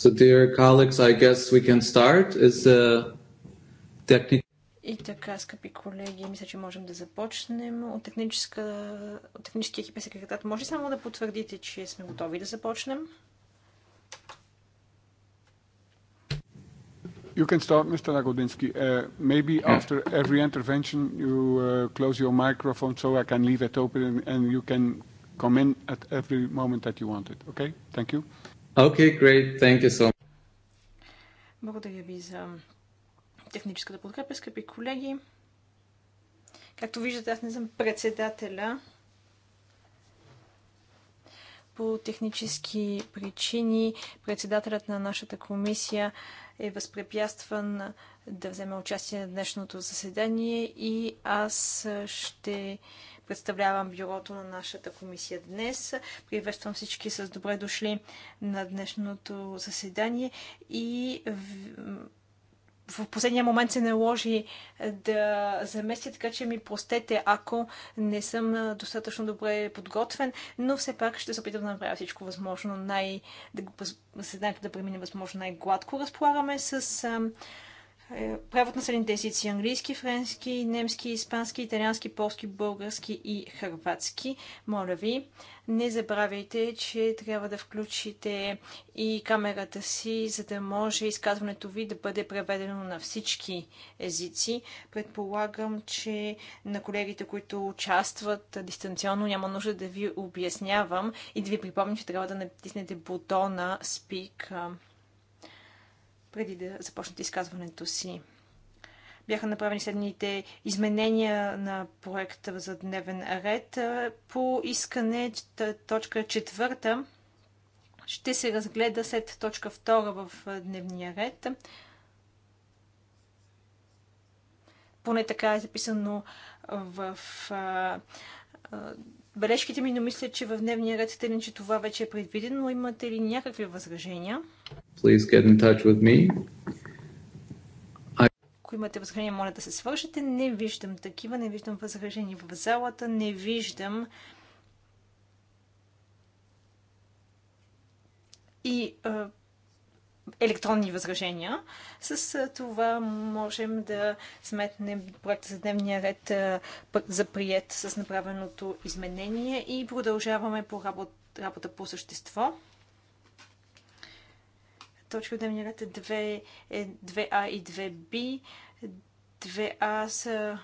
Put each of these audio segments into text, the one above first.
So, dear colleagues, I guess we can start. Is the technical и така, скъпи колеги, мисля, че можем да започнем. От, техническа, от техническия екип секретар, може само да потвърдите, че сме готови да започнем? You can start, Mr. Lagodinsky. Uh, maybe yeah. after every intervention you uh, close your microphone so I can leave it open and you can come in at every moment that you want it. Okay? Thank you. Okay, great. Thank you so much. Благодаря ви за техническата подкрепа, скъпи колеги. Както виждате, аз не съм председателя. По технически причини председателят на нашата комисия е възпрепятстван да вземе участие на днешното заседание и аз ще представлявам бюрото на нашата комисия днес. Приветствам всички с добре дошли на днешното заседание и в последния момент се наложи да заместя, така че ми простете, ако не съм достатъчно добре подготвен, но все пак ще се опитам да направя всичко възможно най... да, да премине възможно най-гладко. Разполагаме с е, правят на езици английски, френски, немски, испански, италиански, полски, български и хърватски. Моля ви, не забравяйте, че трябва да включите и камерата си, за да може изказването ви да бъде преведено на всички езици. Предполагам, че на колегите, които участват дистанционно, няма нужда да ви обяснявам и да ви припомня, че трябва да натиснете бутона Speak преди да започнете изказването си. Бяха направени следните изменения на проекта за дневен ред. По искане точка четвърта ще се разгледа след точка втора в дневния ред. Поне така е записано в бележките ми, но мисля, че в дневния ред, тъй че това вече е предвидено, имате ли някакви възражения? Ако имате възражения, моля да се свършите. Не виждам такива, не виждам възражения в залата, не виждам и електронни възражения. С това можем да сметнем проекта за дневния ред за прият с направеното изменение и продължаваме по работа, работа по същество точки от дневния ред 2, е 2А е и 2Б. 2А са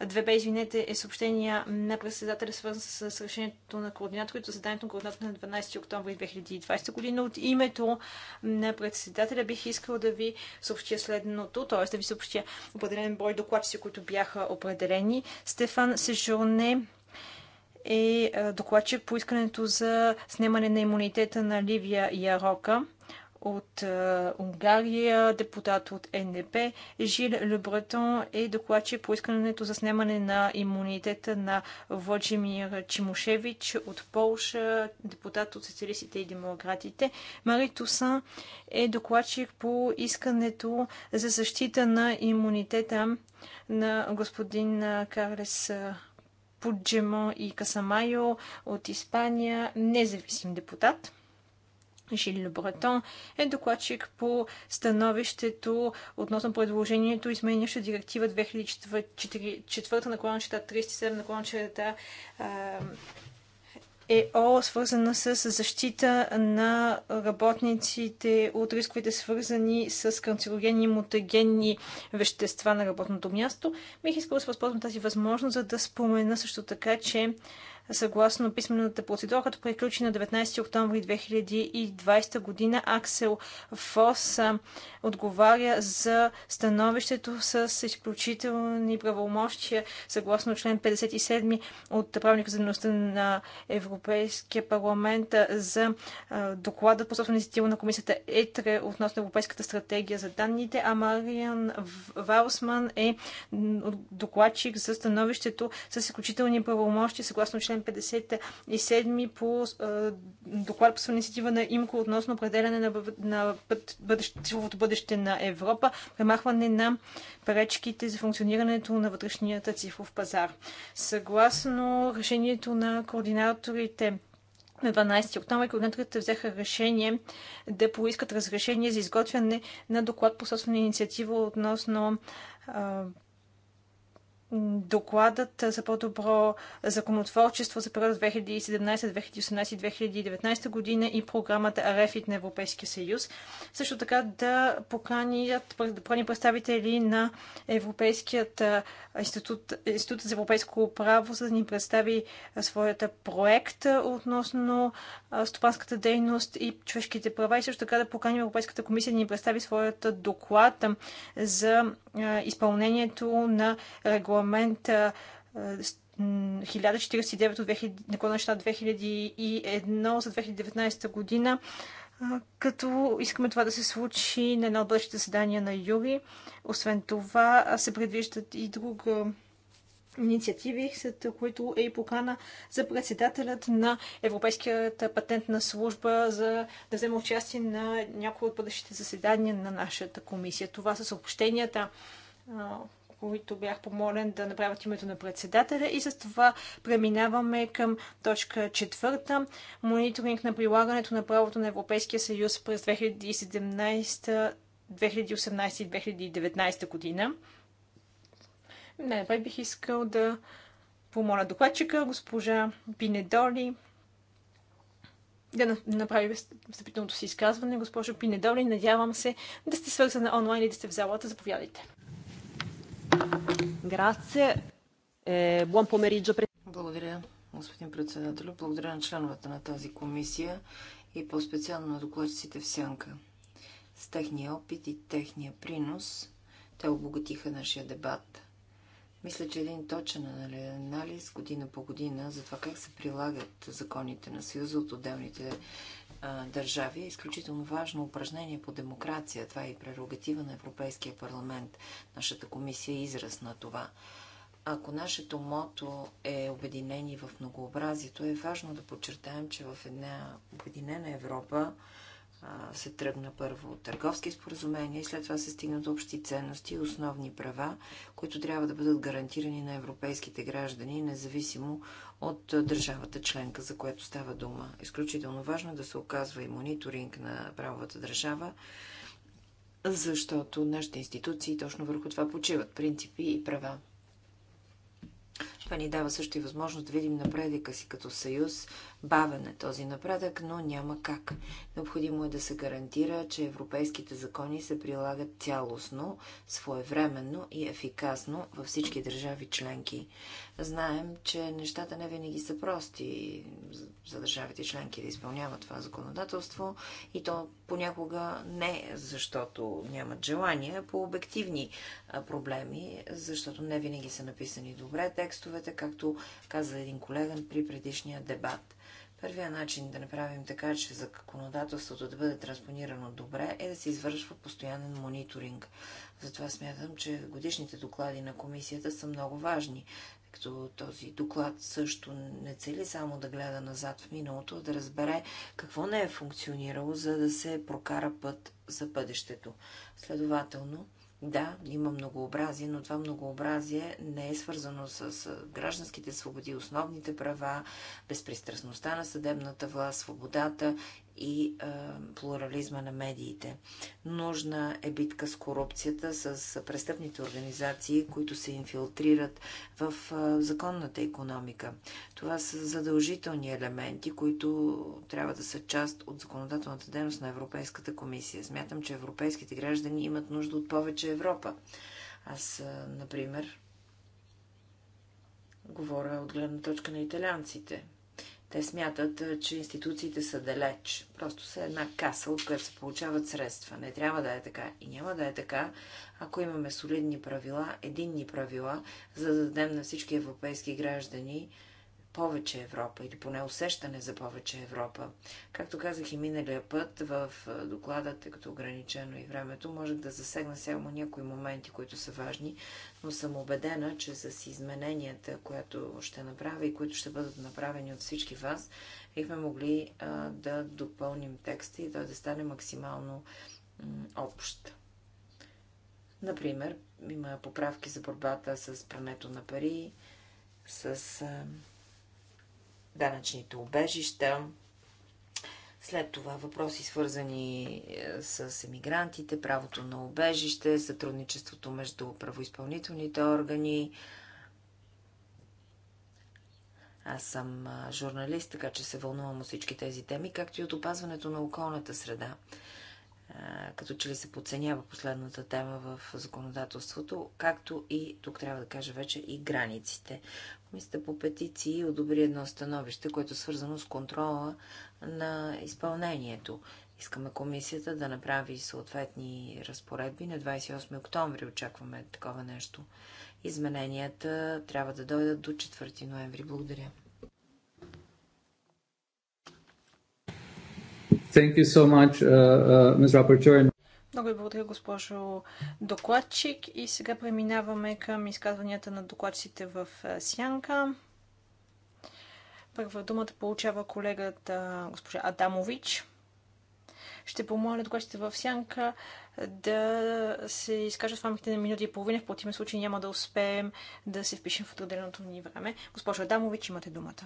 2Б, извинете, е съобщение на председателя, свързан с решението на координаторите, заданието на координатора на 12 октомври 2020 година. От името на председателя бих искал да ви съобщя следното, т.е. да ви съобщя определен брой докладчици, които бяха определени. Стефан Сежурне е докладчик по искането за снимане на имунитета на Ливия Ярока от е, Унгария, депутат от НДП. Жил Лебретон е докладчик по искането за снимане на имунитета на Владимир Чимушевич от Полша, депутат от социалистите и демократите. Мари Тусан е докладчик по искането за защита на имунитета на господин е, Карлес е, Пуджемо и Касамайо от Испания, независим депутат на Бретон е докладчик по становището относно предложението, изменящо директива 2004 на клончета 37 на е ЕО, свързана с защита на работниците от рисковете, свързани с канцерогенни и мутагенни вещества на работното място. Бих искала да се възползвам тази възможност, за да спомена също така, че Съгласно писмената процедура, като приключи на 19 октомври 2020 година, Аксел Фос отговаря за становището с изключителни правомощия, съгласно член 57 от правилника за дейността на Европейския парламент за доклада по собствена инициатива на комисията ЕТРЕ относно Европейската стратегия за данните, а Мариан Валсман е докладчик за становището с изключителни правомощи, съгласно член 57 по доклад по инициатива на ИМКО относно определяне на, на бъдеще, цифровото бъдеще на Европа, премахване на пречките за функционирането на вътрешният цифров пазар. Съгласно решението на координаторите на 12 октомври координаторите взеха решение да поискат разрешение за изготвяне на доклад по собствена инициатива относно а, докладът за по-добро законотворчество за период 2017, 2018, 2019 година и програмата АРЕФИТ на Европейския съюз. Също така да поканят, да покани представители на Европейският институт, институт за европейско право, за да ни представи своята проект относно стопанската дейност и човешките права и също така да покани Европейската комисия да ни представи своята доклад за изпълнението на регламент регламент 1049 от 2001 за 2019 година, като искаме това да се случи на едно от бъдещите заседания на Юри. Освен това се предвиждат и друг инициативи, след които е и покана за председателят на Европейската патентна служба за да вземе участие на някои от бъдещите заседания на нашата комисия. Това са съобщенията които бях помолен да направят името на председателя. И с това преминаваме към точка четвърта. Мониторинг на прилагането на правото на Европейския съюз през 2017, 2018 и 2019 година. Най-напред бих искал да помоля докладчика, госпожа Пинедоли, да направи встъпителното си изказване. Госпожо Пинедоли, надявам се да сте свързана онлайн и да сте в залата. Заповядайте. Eh, Благодаря, господин председател. Благодаря на членовете на тази комисия и по-специално на докладчиците в Сянка. С техния опит и техния принос те обогатиха нашия дебат. Мисля, че един точен анализ година по година за това как се прилагат законите на Съюза от отделните държави е изключително важно упражнение по демокрация. Това е и прерогатива на Европейския парламент. Нашата комисия е израз на това. Ако нашето мото е обединени в многообразието, е важно да подчертаем, че в една обединена Европа се тръгна първо от търговски споразумения и след това се стигна до общи ценности и основни права, които трябва да бъдат гарантирани на европейските граждани, независимо от държавата членка, за което става дума. Изключително важно е да се оказва и мониторинг на правовата държава, защото нашите институции точно върху това почиват принципи и права. Това ни дава също и възможност да видим напредъка си като съюз Бавен е този напредък, но няма как. Необходимо е да се гарантира, че европейските закони се прилагат цялостно, своевременно и ефикасно във всички държави членки. Знаем, че нещата не винаги са прости за държавите членки да изпълняват това законодателство и то понякога не защото нямат желание, по обективни проблеми, защото не винаги са написани добре текстовете, както каза един колега при предишния дебат. Първият начин да направим така, че законодателството да бъде транспонирано добре, е да се извършва постоянен мониторинг. Затова смятам, че годишните доклади на комисията са много важни, като този доклад също не цели само да гледа назад в миналото, а да разбере какво не е функционирало, за да се прокара път за бъдещето. Следователно, да, има многообразие, но това многообразие не е свързано с гражданските свободи, основните права, безпристрастността на съдебната власт, свободата и а, плурализма на медиите. Нужна е битка с корупцията, с престъпните организации, които се инфилтрират в а, законната економика. Това са задължителни елементи, които трябва да са част от законодателната дейност на Европейската комисия. Смятам, че европейските граждани имат нужда от повече Европа. Аз, а, например, говоря от гледна точка на италианците – те смятат, че институциите са далеч. Просто са една каса, от която се получават средства. Не трябва да е така. И няма да е така, ако имаме солидни правила, единни правила, за да дадем на всички европейски граждани повече Европа или поне усещане за повече Европа. Както казах и миналия път в доклада, тъй като е ограничено и времето, може да засегна само някои моменти, които са важни, но съм убедена, че с измененията, които ще направя и които ще бъдат направени от всички вас, бихме могли а, да допълним текста и той да стане максимално общ. Например, има поправки за борбата с прането на пари, с данъчните убежища, след това въпроси свързани е, с емигрантите, правото на убежище, сътрудничеството между правоизпълнителните органи. Аз съм журналист, така че се вълнувам от всички тези теми, както и от опазването на околната среда като че ли се подценява последната тема в законодателството, както и, тук трябва да кажа вече, и границите. Комисията по петиции одобри едно становище, което е свързано с контрола на изпълнението. Искаме комисията да направи съответни разпоредби. На 28 октомври очакваме такова нещо. Измененията трябва да дойдат до 4 ноември. Благодаря. Thank you so much, uh, uh, Ms. Rapporteur. Много ви благодаря, госпожо докладчик. И сега преминаваме към изказванията на докладчиците в е, Сянка. Първа думата получава колегата е, госпожа Адамович. Ще помоля докладците в Сянка да се изкажат в рамките на минути и половина. В противен случай няма да успеем да се впишем в отделеното ни време. Госпожо Адамович, имате думата.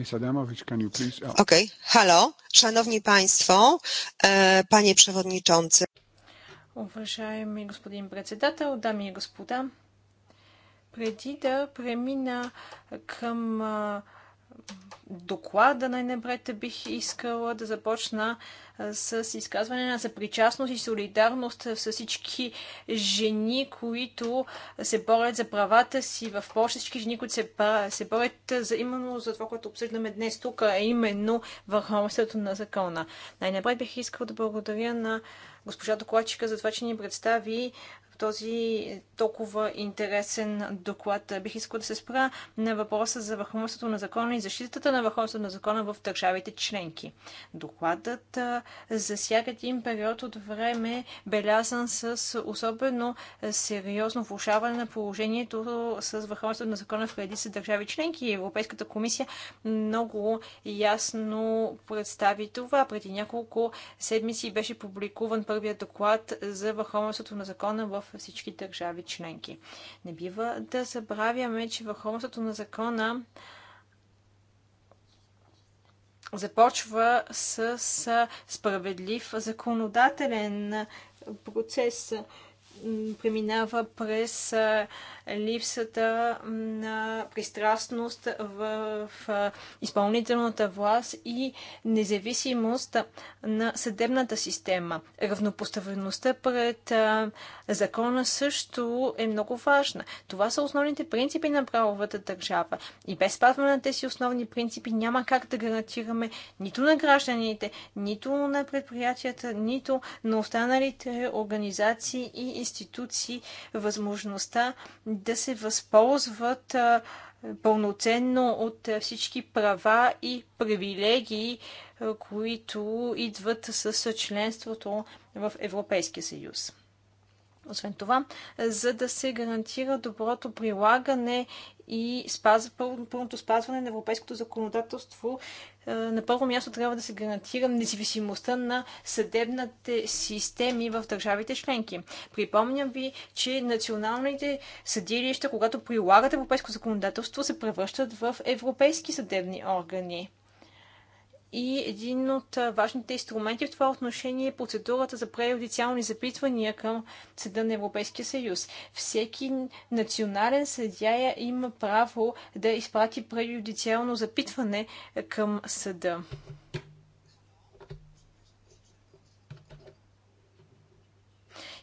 Ms. Adamowicz, can you please... Uh, okay. Halo, szanowni państwo, e, panie przewodniczący. Уважаеми господин председател, дами и господа, преди да премина към доклада най-напред бих искала да започна с изказване на съпричастност и солидарност с всички жени, които се борят за правата си в Польша, всички жени, които се, се борят за именно за това, което обсъждаме днес тук, а именно върховенството на закона. Най-напред бих искал да благодаря на госпожа докладчика за това, че ни представи този толкова интересен доклад. Бих искал да се спра на въпроса за върховенството на закона и защитата на върховенството на закона в държавите членки. Докладът засяга един период от време, белязан с особено сериозно влушаване на положението с върховенството на закона в редица държави членки. Европейската комисия много ясно представи това. Преди няколко седмици беше публикуван първият доклад за върховенството на закона в всички държави членки. Не бива да забравяме, че върховенството на закона започва с справедлив законодателен процес преминава през липсата на пристрастност в изпълнителната власт и независимост на съдебната система. Равнопоставеността пред закона също е много важна. Това са основните принципи на правовата държава. И без спазване на тези основни принципи няма как да гарантираме нито на гражданите, нито на предприятията, нито на останалите организации и институции възможността да се възползват пълноценно от всички права и привилегии, които идват с членството в Европейския съюз. Освен това, за да се гарантира доброто прилагане и спазва, пълното спазване на европейското законодателство. Е, на първо място трябва да се гарантира независимостта на съдебните системи в държавите членки. Припомням ви, че националните съдилища, когато прилагат европейско законодателство, се превръщат в европейски съдебни органи. И един от важните инструменти в това отношение е процедурата за преюдициални запитвания към Съда на Европейския съюз. Всеки национален съдя има право да изпрати преюдициално запитване е, към съда.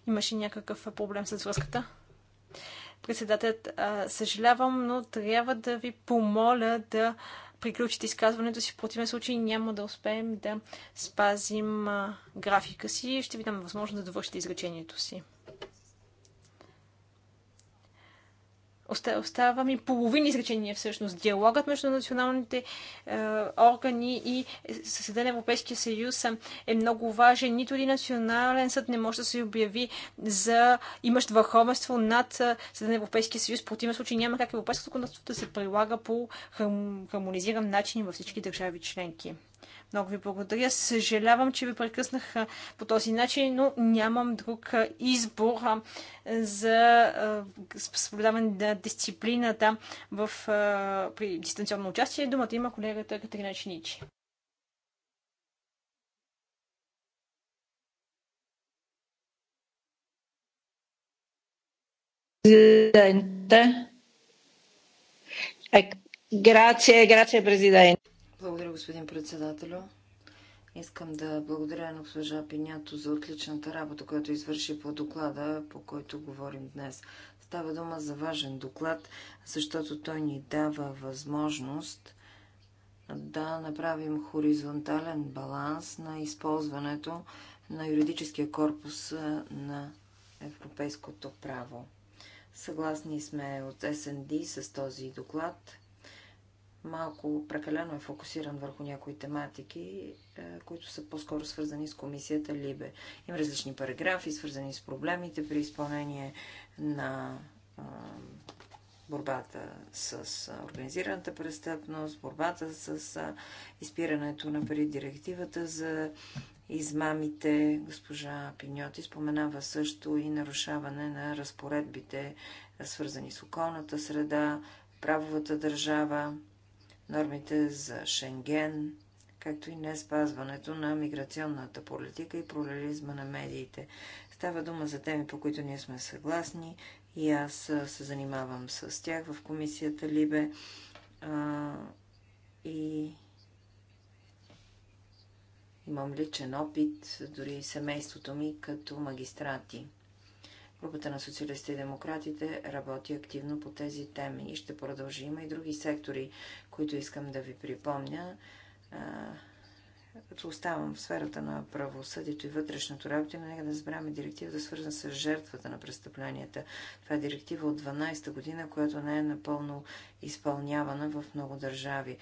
Имаше някакъв проблем с връзката? Председателят, съжалявам, но трябва да ви помоля да приключите изказването си. В противен случай няма да успеем да спазим графика си. Ще ви дам възможност да довършите изречението си. Остава ми половина изречение всъщност. Диалогът между националните е, органи и съседа на Европейския съюз е много важен. Нито един национален съд не може да се обяви за имащ върховенство над е, съда на Европейския съюз. По противен случай няма как европейското законодателство да се прилага по хармонизиран начин във всички държави членки. Много ви благодаря. Съжалявам, че ви прекъснах по този начин, но нямам друг избор за съблюдаване на дисциплината в, при дистанционно участие. Думата има колегата Катерина Чиничи. Presidente. Grazie, grazie Presidente. Благодаря, господин председателю. Искам да благодаря на госпожа Пинято за отличната работа, която извърши по доклада, по който говорим днес. Става дума за важен доклад, защото той ни дава възможност да направим хоризонтален баланс на използването на юридическия корпус на европейското право. Съгласни сме от СНД с този доклад малко прекалено е фокусиран върху някои тематики, е, които са по-скоро свързани с комисията Либе. Има различни параграфи, свързани с проблемите при изпълнение на е, борбата с е, организираната престъпност, борбата с изпирането на пари, директивата за измамите. Госпожа Пиньоти споменава също и нарушаване на разпоредбите, свързани с околната среда, правовата държава нормите за Шенген, както и не спазването на миграционната политика и плурализма на медиите. Става дума за теми, по които ние сме съгласни и аз се занимавам с тях в комисията Либе. А, и имам личен опит, дори семейството ми като магистрати. Групата на социалистите и демократите работи активно по тези теми и ще продължи. Има и други сектори, които искам да ви припомня. Като оставам в сферата на правосъдието и вътрешното работи, но нека да забравяме директива да свързана с жертвата на престъпленията. Това е директива от 12-та година, която не е напълно изпълнявана в много държави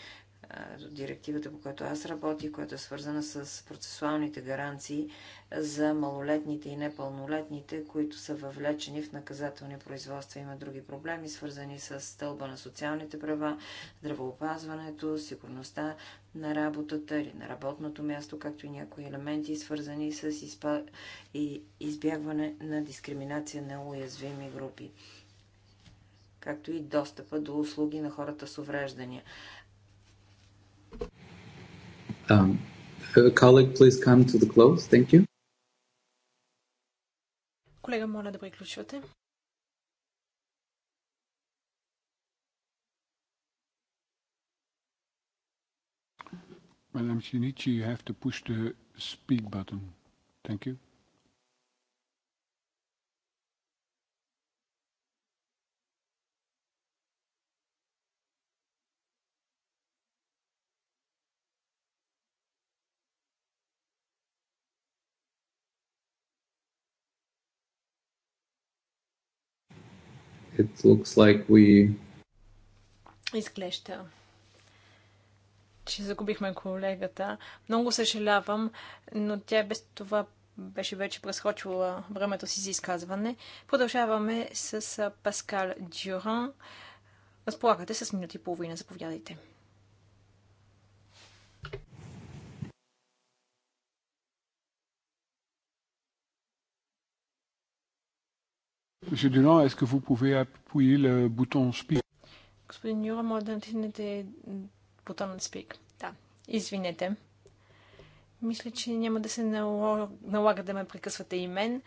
директивата, по която аз работих, която е свързана с процесуалните гаранции за малолетните и непълнолетните, които са въвлечени в наказателни производства. Има други проблеми, свързани с стълба на социалните права, здравоопазването, сигурността на работата или на работното място, както и някои елементи, свързани с изпа... и избягване на дискриминация на уязвими групи както и достъпа до услуги на хората с увреждания. Um, colleague, please come to the close. Thank you. Колега, моля да приключвате. Madam Shinichi, you have to push the speak button. Thank you. It looks like we... Изглежда, че загубихме колегата. Много съжалявам, но тя без това беше вече пресхочила времето си за изказване. Продължаваме с Паскал Дюран. Разполагате с минути и половина. Заповядайте. Monsieur Delan, est-ce que vous pouvez appuyer le bouton speak? Господин Юра, може да натиснете бутон на speak. Да, извинете. Мисля, че няма да се налага, налага да ме прекъсвате и мен.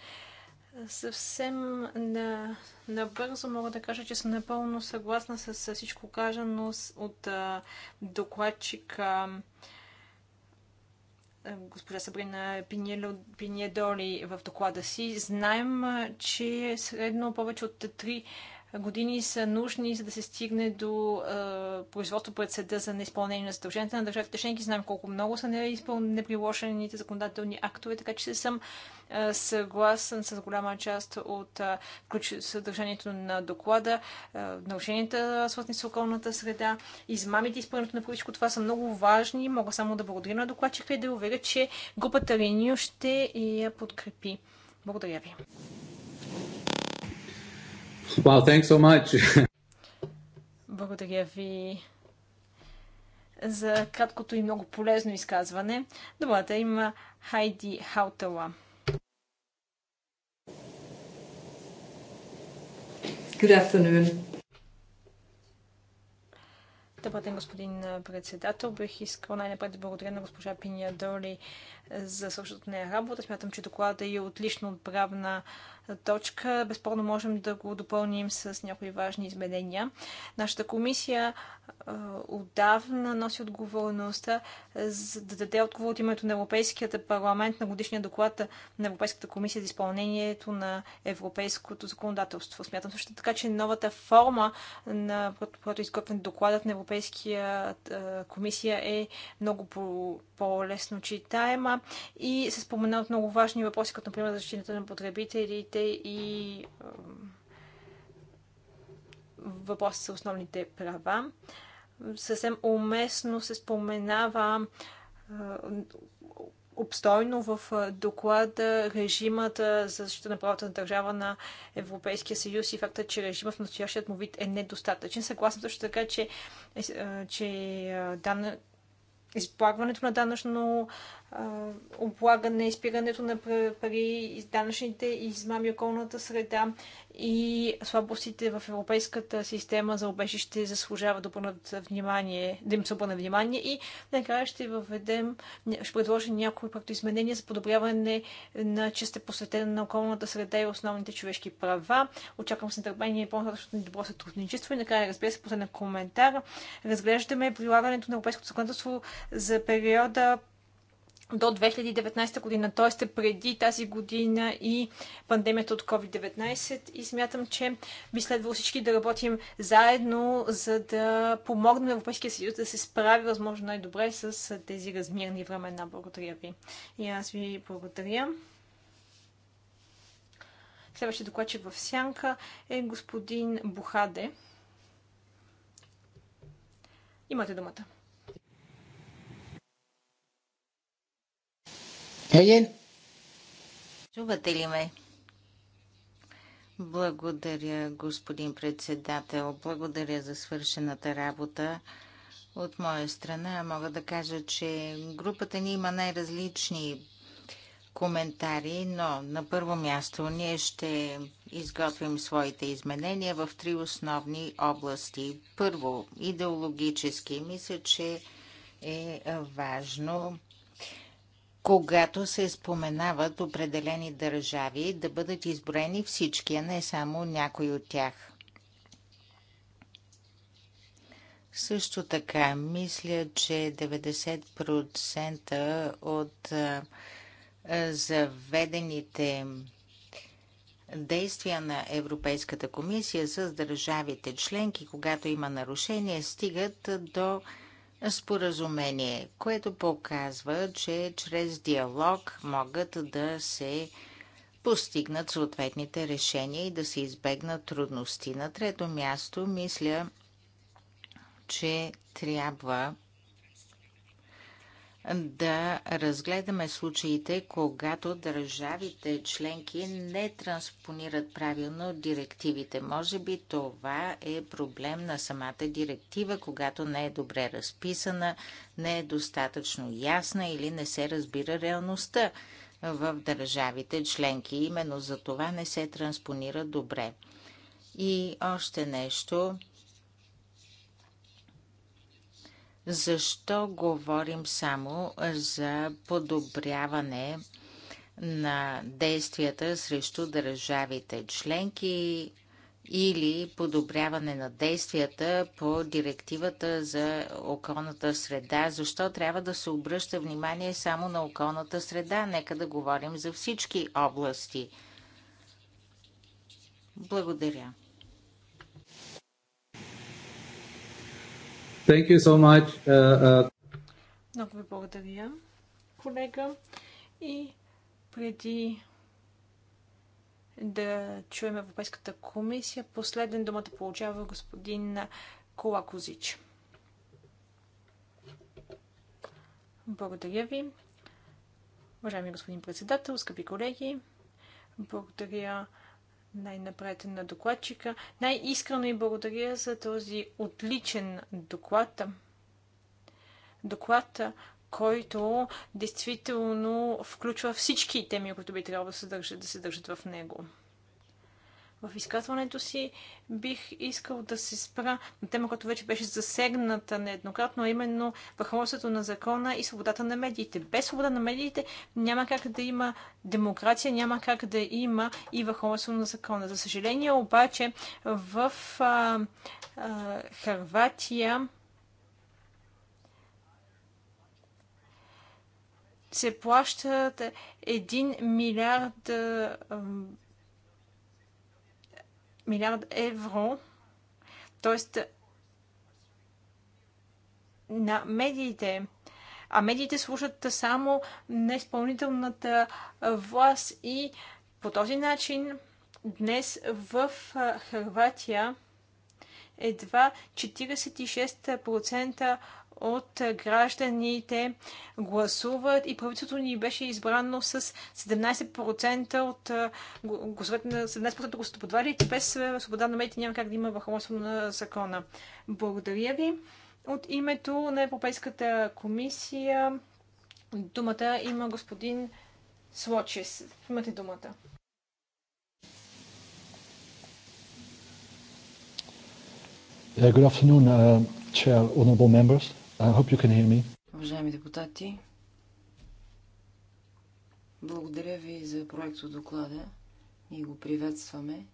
Съвсем на, набързо мога да кажа, че съм напълно съгласна с всичко кажено от докладчика. Uh, е, госпожа Сабрина Пиньедоли в доклада си. Знаем, е, че е средно повече от три години са нужни, за да се стигне до производство пред съда за неизпълнение на задълженията на държавите членки. Знаем колко много са неприложените законодателни актове, така че съм съгласен с голяма част от съдържанието на доклада. нарушенията, свързани с околната среда, измамите, изпълнението на всичко това са много важни. Мога само да благодаря на докладчика и да уверя, че групата Линио ще я подкрепи. Благодаря ви. Wow, thanks so much. Благодаря ви за краткото и много полезно изказване. Думата има Хайди Хаутала. Good afternoon. Добър ден, господин председател. Бих искал най-напред да благодаря на госпожа Пиния Доли за същото нея работа. Смятам, че докладът е отлично отправна точка. Безспорно можем да го допълним с някои важни изменения. Нашата комисия отдавна носи отговорността за да даде отговор от името на Европейският парламент на годишния доклад на Европейската комисия за изпълнението на европейското законодателство. Смятам също така, че новата форма, на която е изготвен докладът на Европейския комисия е много по-лесно читаема и се споменават много важни въпроси, като например защитата на потребителите и въпроси за основните права. Съвсем уместно се споменава обстойно в доклада режимата за защита на правата на държава на Европейския съюз и факта, че режимът в настоящият му вид е недостатъчен. Съгласна също така, че, че данък изплагването на данъчно облагане, изпирането на пари, данъчните измами, околната среда и слабостите в европейската система за обежище заслужава да, внимание, да им се обърне внимание и накрая ще въведем, ще предложим някои проекто изменения за подобряване на честа посветена на околната среда и основните човешки права. Очаквам с нетърпение и по-нататъчно добро сътрудничество и накрая разбира се последен коментар. Разглеждаме прилагането на европейското законодателство за периода до 2019 година, т.е. преди тази година и пандемията от COVID-19 и смятам, че би следвало всички да работим заедно, за да помогнем Европейския съюз да се справи възможно най-добре с тези размирни времена. Благодаря ви. И аз ви благодаря. Следващия докладчик в сянка е господин Бухаде. Имате думата. Еген? Чувате ли ме? Благодаря, господин председател. Благодаря за свършената работа. От моя страна мога да кажа, че групата ни има най-различни коментари, но на първо място ние ще изготвим своите изменения в три основни области. Първо, идеологически. Мисля, че е важно когато се споменават определени държави, да бъдат изброени всички, а не само някои от тях. Също така, мисля, че 90% от заведените действия на Европейската комисия с държавите членки, когато има нарушение, стигат до споразумение, което показва, че чрез диалог могат да се постигнат съответните решения и да се избегнат трудности. На трето място, мисля, че трябва да разгледаме случаите, когато държавите членки не транспонират правилно директивите. Може би това е проблем на самата директива, когато не е добре разписана, не е достатъчно ясна или не се разбира реалността в държавите членки. Именно за това не се транспонира добре. И още нещо – Защо говорим само за подобряване на действията срещу държавите членки или подобряване на действията по директивата за околната среда. Защо трябва да се обръща внимание само на околната среда? Нека да говорим за всички области. Благодаря. Thank you so much. Uh, uh, Много ви благодаря, колега. И преди да чуем Европейската комисия, последен думата получава господин Кола Козич. Благодаря ви. Уважаеми господин председател, скъпи колеги, благодаря най-напред на докладчика. Най-искрено и благодаря за този отличен доклад. Доклад, който действително включва всички теми, които би трябвало да се държат, да се държат в него. В изказването си бих искал да се спра на тема, която вече беше засегната нееднократно, а именно върховенството на закона и свободата на медиите. Без свобода на медиите няма как да има демокрация, няма как да има и върховенство на закона. За съжаление обаче в а, а, Харватия се плащат 1 милиард милиард евро, т.е. на медиите. А медиите служат само на изпълнителната власт и по този начин днес в Харватия едва 46% от гражданите гласуват и правителството ни беше избрано с 17% от гласовете на 17% от гласоподвалите. Без свобода на медиите няма как да има върховенство на закона. Благодаря ви. От името на Европейската комисия думата има господин Слочес. Имате думата. Good afternoon, uh, Chair, honorable members. I hope you can hear me. Уважаеми депутати, благодаря ви за проекто доклада. Ние го приветстваме.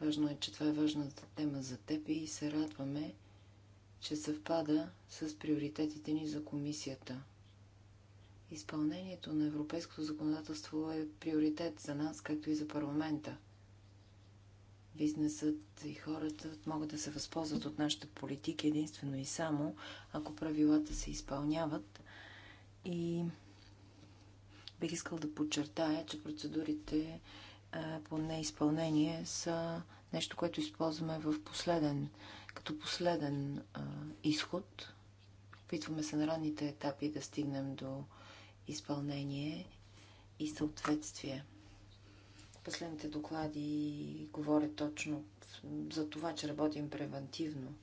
Важно е, че това е важната тема за теб и се радваме, че съвпада с приоритетите ни за комисията. Изпълнението на европейското законодателство е приоритет за нас, както и за парламента – бизнесът и хората могат да се възползват от нашата политика единствено и само, ако правилата се изпълняват. И бих искал да подчертая, че процедурите по неизпълнение са нещо, което използваме в последен, като последен а, изход. Опитваме се на ранните етапи да стигнем до изпълнение и съответствие. Последните доклади говорят точно за това, че работим превентивно.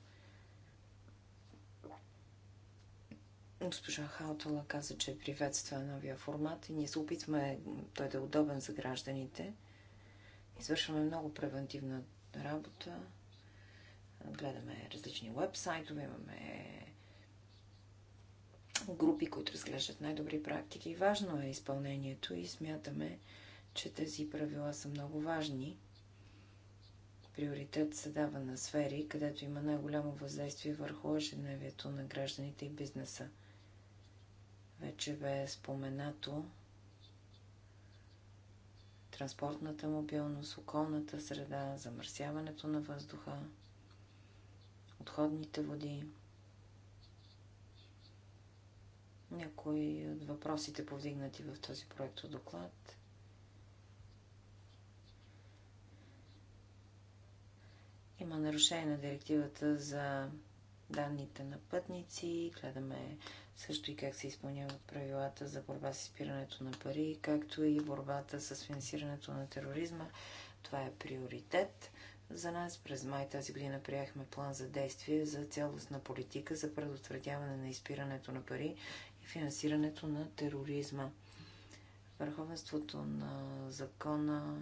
Госпожа Хаутала каза, че приветства новия формат и ние се опитваме той да е удобен за гражданите. Извършваме много превентивна работа. Гледаме различни вебсайтове, имаме групи, които разглеждат най-добри практики. Важно е изпълнението и смятаме, че тези правила са много важни. Приоритет се дава на сфери, където има най-голямо въздействие върху ежедневието на гражданите и бизнеса. Вече бе споменато транспортната мобилност, околната среда, замърсяването на въздуха, отходните води. Някои от въпросите, повдигнати в този проект доклад, Има нарушение на директивата за данните на пътници. Гледаме също и как се изпълняват правилата за борба с изпирането на пари, както и борбата с финансирането на тероризма. Това е приоритет. За нас през май тази година приехме план за действие за цялостна политика за предотвратяване на изпирането на пари и финансирането на тероризма. Върховенството на закона,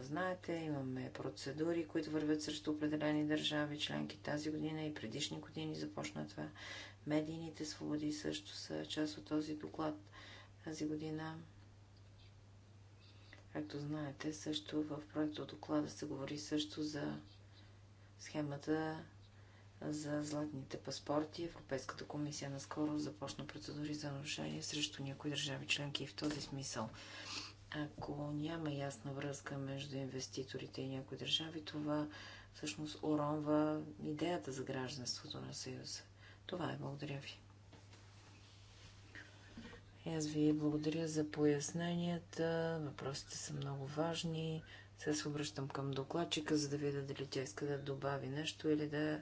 знаете, имаме процедури, които вървят срещу определени държави, членки тази година и предишни години започна това. Медийните свободи също са част от този доклад тази година. Както знаете, също в проекта доклада се говори също за схемата за златните паспорти. Европейската комисия наскоро започна процедури за нарушение срещу някои държави членки и в този смисъл ако няма ясна връзка между инвеститорите и някои държави, това всъщност уронва идеята за гражданството на Съюза. Това е. Благодаря ви. Аз ви благодаря за поясненията. Въпросите са много важни. се обръщам към докладчика, за да видя дали тя иска да добави нещо или да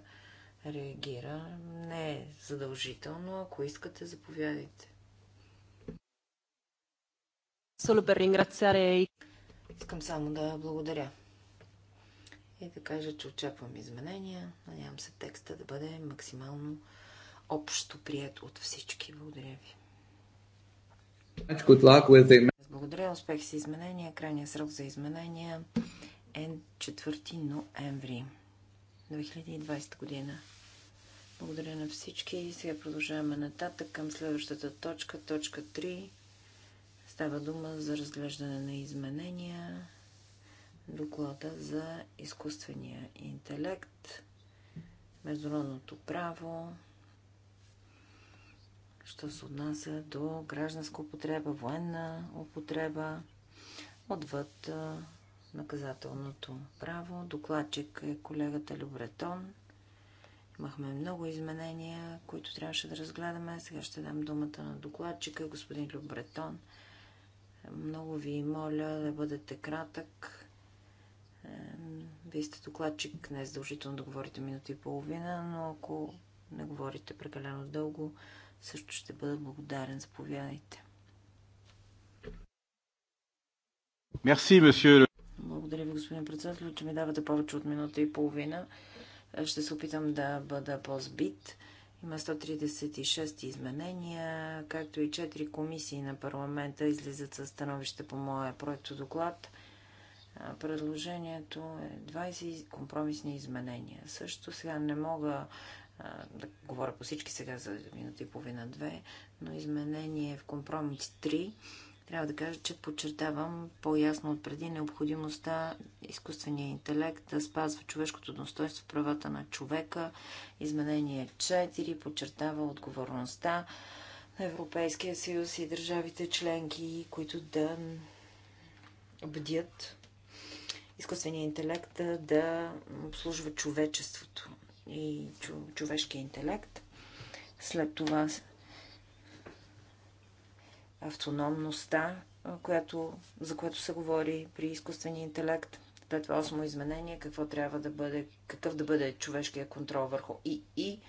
реагира. Не е задължително. Ако искате, заповядайте. Искам само да благодаря и да кажа, че очаквам изменения. Надявам се текста да бъде максимално общо прият от всички. Благодаря ви. Благодаря. Успех с изменения. Крайния срок за изменения е 4 ноември 2020 година. Благодаря на всички. Сега продължаваме нататък към следващата точка, точка 3. Става дума за разглеждане на изменения, доклада за изкуствения интелект, международното право, що се отнася до гражданска употреба, военна употреба, отвъд наказателното право. Докладчик е колегата Любретон. Имахме много изменения, които трябваше да разгледаме. Сега ще дам думата на докладчика господин Любретон много ви моля да бъдете кратък. Вие сте докладчик, не е задължително да говорите минута и половина, но ако не говорите прекалено дълго, също ще бъда благодарен. Заповядайте. Мерси, месье. Благодаря ви, господин председател, че ми давате повече от минута и половина. Ще се опитам да бъда по-збит. Има 136 изменения, както и 4 комисии на парламента излизат със становище по моя проекто доклад. Предложението е 20 компромисни изменения. Също сега не мога да говоря по всички сега за минута и половина-две, но изменение в компромис 3 трябва да кажа, че подчертавам по-ясно от преди необходимостта изкуствения интелект да спазва човешкото достоинство, правата на човека. Изменение 4 подчертава отговорността на Европейския съюз и държавите членки, които да бдят изкуствения интелект да обслужва човечеството и човешкия интелект. След това автономността, която, за което се говори при изкуствения интелект. След това осмо изменение, какво трябва да бъде, какъв да бъде човешкия контрол върху и и.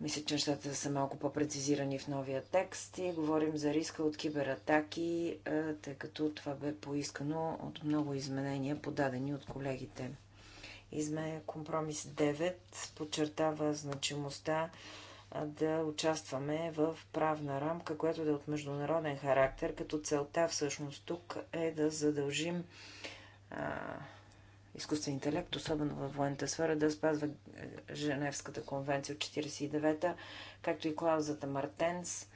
Мисля, че нещата са малко по-прецизирани в новия текст и говорим за риска от кибератаки, тъй като това бе поискано от много изменения, подадени от колегите. Изме компромис 9 подчертава значимостта да участваме в правна рамка, която да е от международен характер, като целта всъщност тук е да задължим а, изкуствен интелект, особено във военната сфера, да спазва е, Женевската конвенция от 49-та, както и клаузата Мартенс.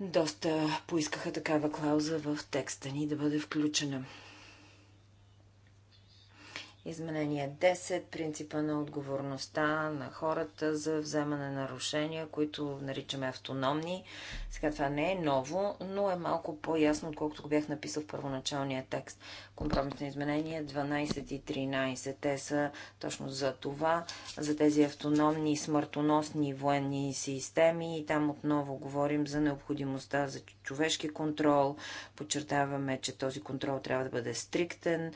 Доста поискаха такава клауза в текста ни да бъде включена. Изменение 10. Принципа на отговорността на хората за вземане на нарушения, които наричаме автономни. Сега това не е ново, но е малко по-ясно, отколкото го бях написал в първоначалния текст. Компромисни изменения 12 и 13. Те са точно за това, за тези автономни смъртоносни военни системи и там отново говорим за необходимостта за човешки контрол. Подчертаваме, че този контрол трябва да бъде стриктен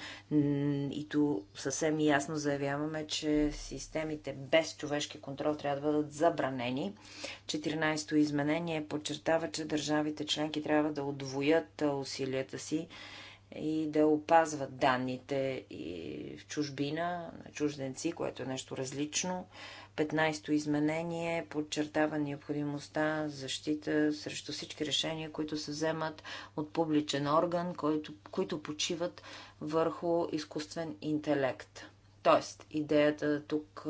и то съвсем ясно заявяваме, че системите без човешки контрол трябва да бъдат забранени. 14-то изменение подчертава, че държавите членки трябва да удвоят усилията си и да опазват данните и в чужбина, на чужденци, което е нещо различно. 15-то изменение подчертава необходимостта защита срещу всички решения, които се вземат от публичен орган, който, които почиват върху изкуствен интелект. Тоест, идеята тук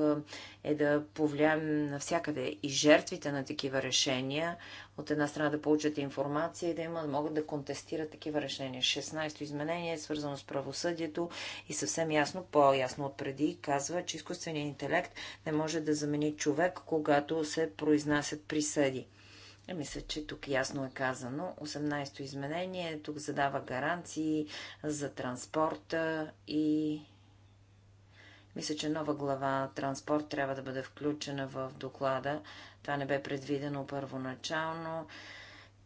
е да повлияем навсякъде и жертвите на такива решения, от една страна да получат информация и да имат, могат да контестират такива решения. 16-то изменение е свързано с правосъдието и съвсем ясно, по-ясно от преди, казва, че изкуственият интелект не може да замени човек, когато се произнасят присъди. Е, мисля, че тук ясно е казано. 18-то изменение тук задава гаранции за транспорта и мисля, че нова глава транспорт трябва да бъде включена в доклада. Това не бе предвидено първоначално.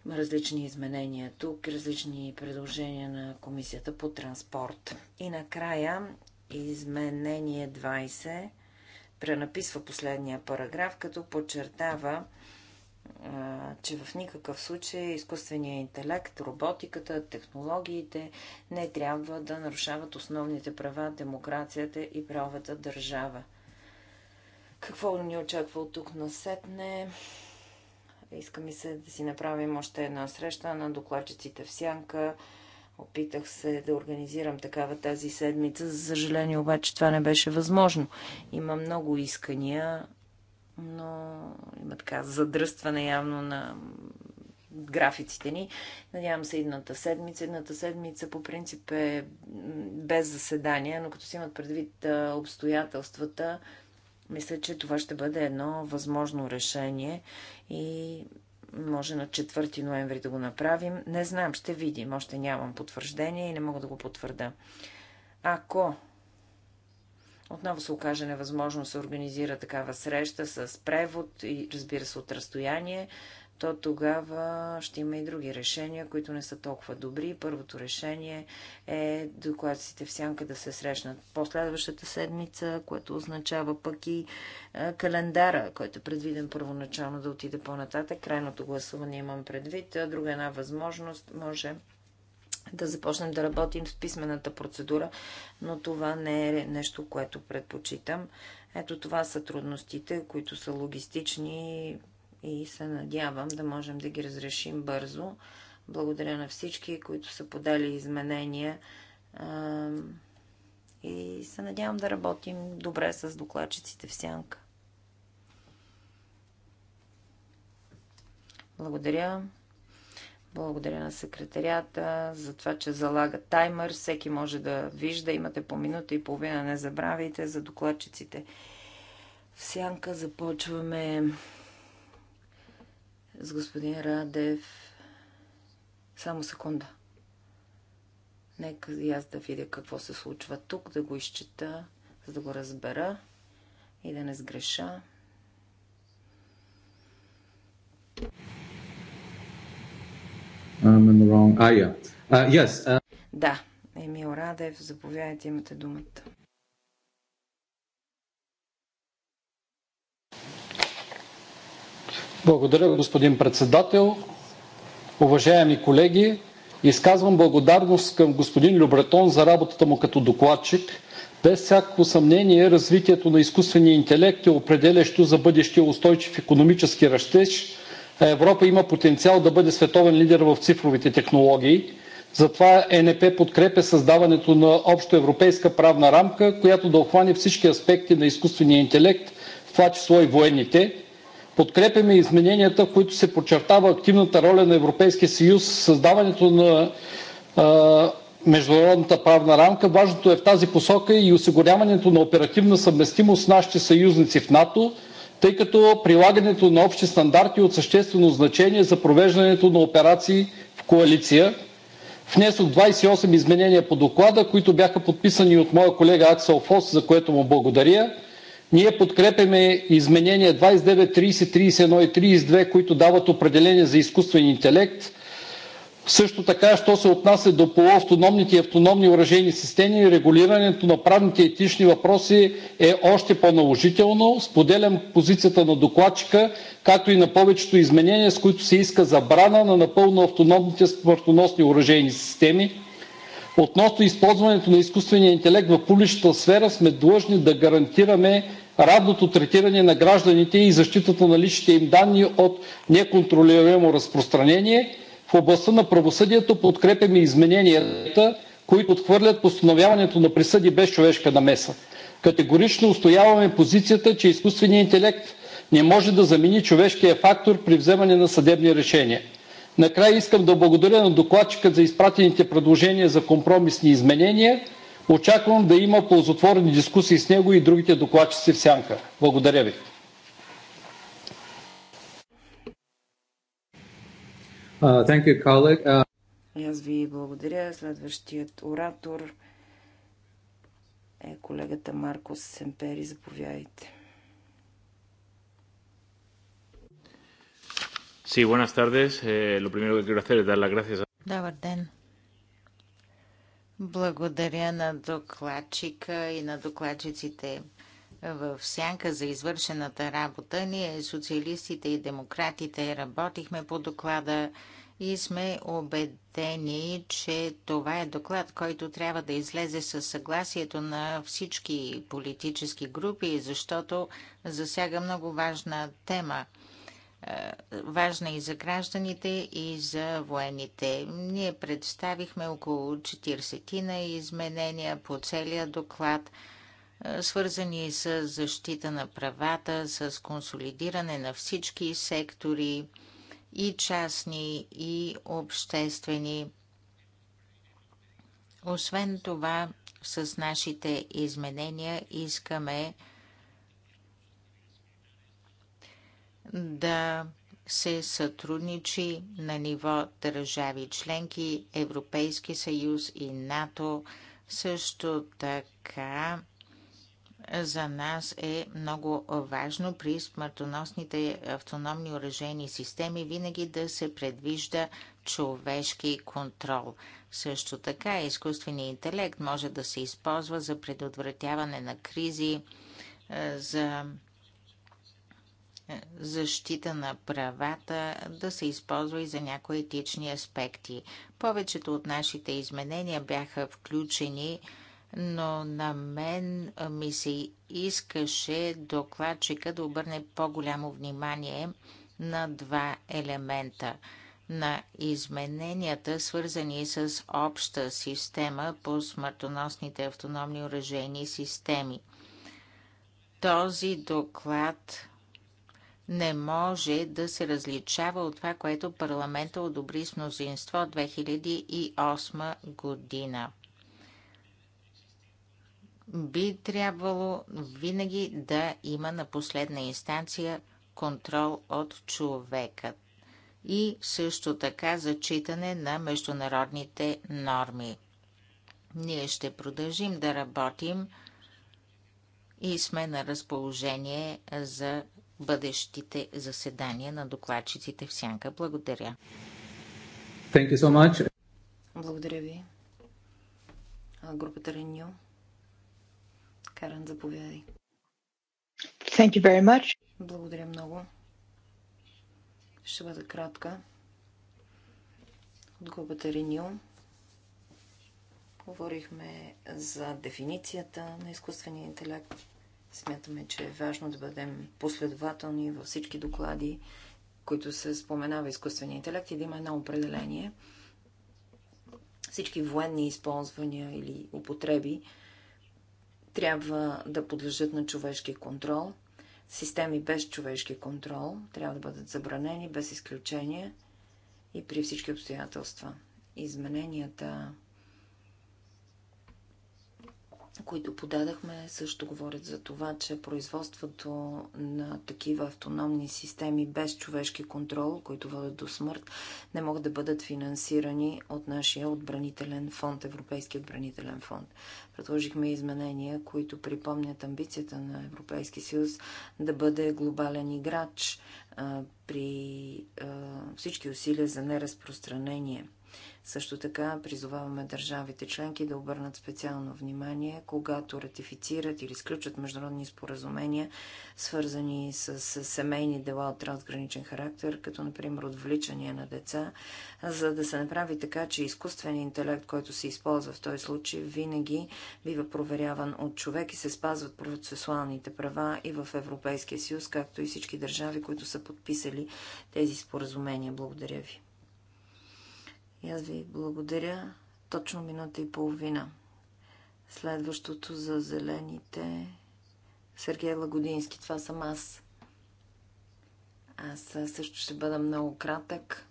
Има различни изменения тук, различни предложения на Комисията по транспорт. И накрая изменение 20 пренаписва последния параграф, като подчертава че в никакъв случай изкуственият интелект, роботиката, технологиите не трябва да нарушават основните права, демокрацията и правата държава. Какво ни очаква от тук насетне? Иска ми се да си направим още една среща на докладчиците в Сянка. Опитах се да организирам такава тази седмица. За съжаление обаче това не беше възможно. Има много искания но има така задръстване явно на графиците ни. Надявам се едната седмица. Едната седмица по принцип е без заседания, но като си имат предвид обстоятелствата, мисля, че това ще бъде едно възможно решение и може на 4 ноември да го направим. Не знам, ще видим. Още нямам потвърждение и не мога да го потвърда. Ако отново се окаже невъзможно да се организира такава среща с превод и разбира се от разстояние, то тогава ще има и други решения, които не са толкова добри. Първото решение е докладците в сянка да се срещнат последващата седмица, което означава пък и е, календара, който е предвиден първоначално да отиде по-нататък. Крайното гласуване имам предвид. Друга една възможност може да започнем да работим с писмената процедура, но това не е нещо, което предпочитам. Ето това са трудностите, които са логистични и се надявам да можем да ги разрешим бързо. Благодаря на всички, които са подали изменения и се надявам да работим добре с докладчиците в сянка. Благодаря. Благодаря на секретарията за това, че залага таймър. Всеки може да вижда. Имате по минута и половина. Не забравяйте за докладчиците. В сянка започваме с господин Радев. Само секунда. Нека и аз да видя какво се случва тук, да го изчета, за да го разбера и да не сгреша. I'm in the wrong... Ah, yeah. Uh, yes. Uh... Да, Емил Радев, заповядайте, имате думата. Благодаря, господин председател. Уважаеми колеги, изказвам благодарност към господин Любретон за работата му като докладчик. Без всяко съмнение, развитието на изкуствения интелект е определящо за бъдещия устойчив економически растеж – Европа има потенциал да бъде световен лидер в цифровите технологии. Затова ЕНП подкрепя създаването на общоевропейска правна рамка, която да охване всички аспекти на изкуствения интелект, в това число и военните. Подкрепяме измененията, в които се подчертава активната роля на Европейския съюз, създаването на а, международната правна рамка. Важното е в тази посока и осигуряването на оперативна съвместимост с нашите съюзници в НАТО, тъй като прилагането на общи стандарти е от съществено значение за провеждането на операции в коалиция. Внесох 28 изменения по Доклада, които бяха подписани от моя колега Аксел Фос, за което му благодаря. Ние подкрепяме изменения 29, 30, 31 и 32, които дават определение за изкуствен интелект, също така, що се отнася до полуавтономните и автономни уражени системи, регулирането на правните и етични въпроси е още по-наложително. Споделям позицията на докладчика, както и на повечето изменения, с които се иска забрана на напълно автономните смъртоносни уражени системи. Относно използването на изкуствения интелект в публичната сфера сме длъжни да гарантираме равното третиране на гражданите и защитата на личните им данни от неконтролируемо разпространение. В областта на правосъдието подкрепяме измененията, които отхвърлят постановяването на присъди без човешка намеса. Категорично устояваме позицията, че изкуственият интелект не може да замени човешкия фактор при вземане на съдебни решения. Накрая искам да благодаря на докладчика за изпратените предложения за компромисни изменения. Очаквам да има ползотворни дискусии с него и другите докладчици в сянка. Благодаря ви. Uh, thank you, colleague. Uh... Аз ви благодаря. Следващият оратор е колегата Маркос Семпери. Заповядайте. Sí, buenas tardes. Eh, lo primero que quiero hacer es dar las gracias a... Добър ден. Благодаря на докладчика и на докладчиците в сянка за извършената работа. Ние, социалистите и демократите, работихме по доклада и сме убедени, че това е доклад, който трябва да излезе със съгласието на всички политически групи, защото засяга много важна тема. Е, важна и за гражданите, и за военните. Ние представихме около 40 на изменения по целия доклад е, свързани с защита на правата, с консолидиране на всички сектори, и частни, и обществени. Освен това, с нашите изменения искаме да се сътрудничи на ниво държави членки, Европейски съюз и НАТО. Също така за нас е много важно при смъртоносните автономни оръжейни системи винаги да се предвижда човешки контрол. Също така изкуственият интелект може да се използва за предотвратяване на кризи, е, за е, защита на правата, да се използва и за някои етични аспекти. Повечето от нашите изменения бяха включени но на мен ми се искаше докладчика да обърне по-голямо внимание на два елемента на измененията, свързани с обща система по смъртоносните автономни оръжейни системи. Този доклад не може да се различава от това, което парламента одобри с мнозинство 2008 година би трябвало винаги да има на последна инстанция контрол от човека и също така зачитане на международните норми. Ние ще продължим да работим и сме на разположение за бъдещите заседания на докладчиците в Сянка. Благодаря. Thank you so much. Благодаря ви. Групата Renew. Карен, заповядай. Thank you very much. Благодаря много. Ще бъда кратка. От групата Ренил. говорихме за дефиницията на изкуствения интелект. Смятаме, че е важно да бъдем последователни във всички доклади, които се споменава изкуствения интелект и да има едно определение. Всички военни използвания или употреби трябва да подлежат на човешки контрол. Системи без човешки контрол трябва да бъдат забранени без изключение и при всички обстоятелства. Измененията които подадахме, също говорят за това, че производството на такива автономни системи без човешки контрол, които водят до смърт, не могат да бъдат финансирани от нашия отбранителен фонд, Европейски отбранителен фонд. Предложихме изменения, които припомнят амбицията на Европейски съюз да бъде глобален играч а, при а, всички усилия за неразпространение – също така призоваваме държавите членки да обърнат специално внимание, когато ратифицират или сключат международни споразумения, свързани с семейни дела от трансграничен характер, като например отвличания на деца, за да се направи така, че изкуственият интелект, който се използва в този случай, винаги бива проверяван от човек и се спазват процесуалните права и в Европейския съюз, както и всички държави, които са подписали тези споразумения. Благодаря ви. И аз ви благодаря. Точно минута и половина. Следващото за зелените. Сергей Лагодински. Това съм аз. Аз също ще бъда много кратък.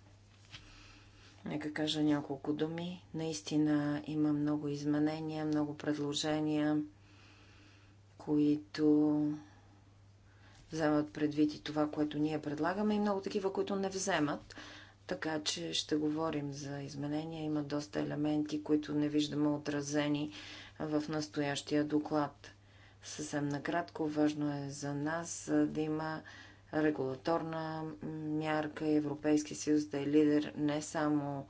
Нека кажа няколко думи. Наистина има много изменения, много предложения, които вземат предвид и това, което ние предлагаме, и много такива, които не вземат. Така че ще говорим за изменения. Има доста елементи, които не виждаме отразени в настоящия доклад. Съвсем накратко, важно е за нас да има регулаторна мярка Европейски съюз да е лидер не само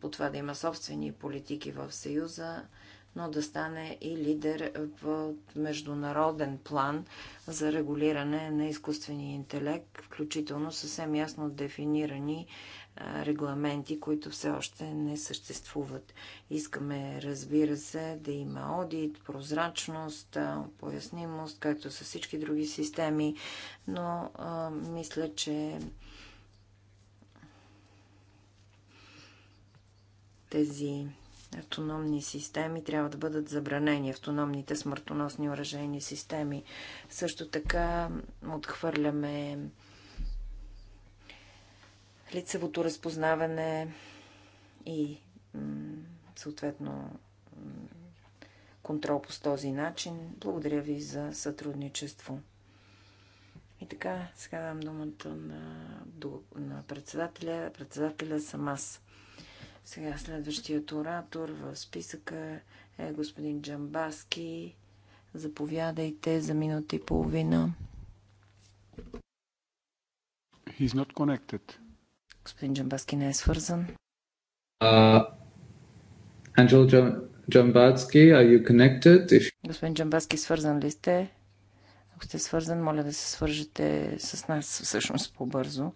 по това да има собствени политики в Съюза, но да стане и лидер в международен план за регулиране на изкуствения интелект, включително съвсем ясно дефинирани регламенти, които все още не съществуват. Искаме, разбира се, да има одит, прозрачност, пояснимост, както с всички други системи, но а, мисля, че тези автономни системи трябва да бъдат забранени, автономните смъртоносни уражени системи. Също така отхвърляме лицевото разпознаване и съответно контрол по този начин. Благодаря ви за сътрудничество. И така, сега дам думата на, на председателя. Председателя съм аз. Сега следващият оратор в списъка е господин Джамбаски. Заповядайте за минута и половина. He's not connected. Господин Джамбаски не е свързан. Uh, Анджел Джамбаски, are you connected? If... Господин Джамбаски, свързан ли сте? Ако сте свързан, моля да се свържете с нас всъщност по-бързо.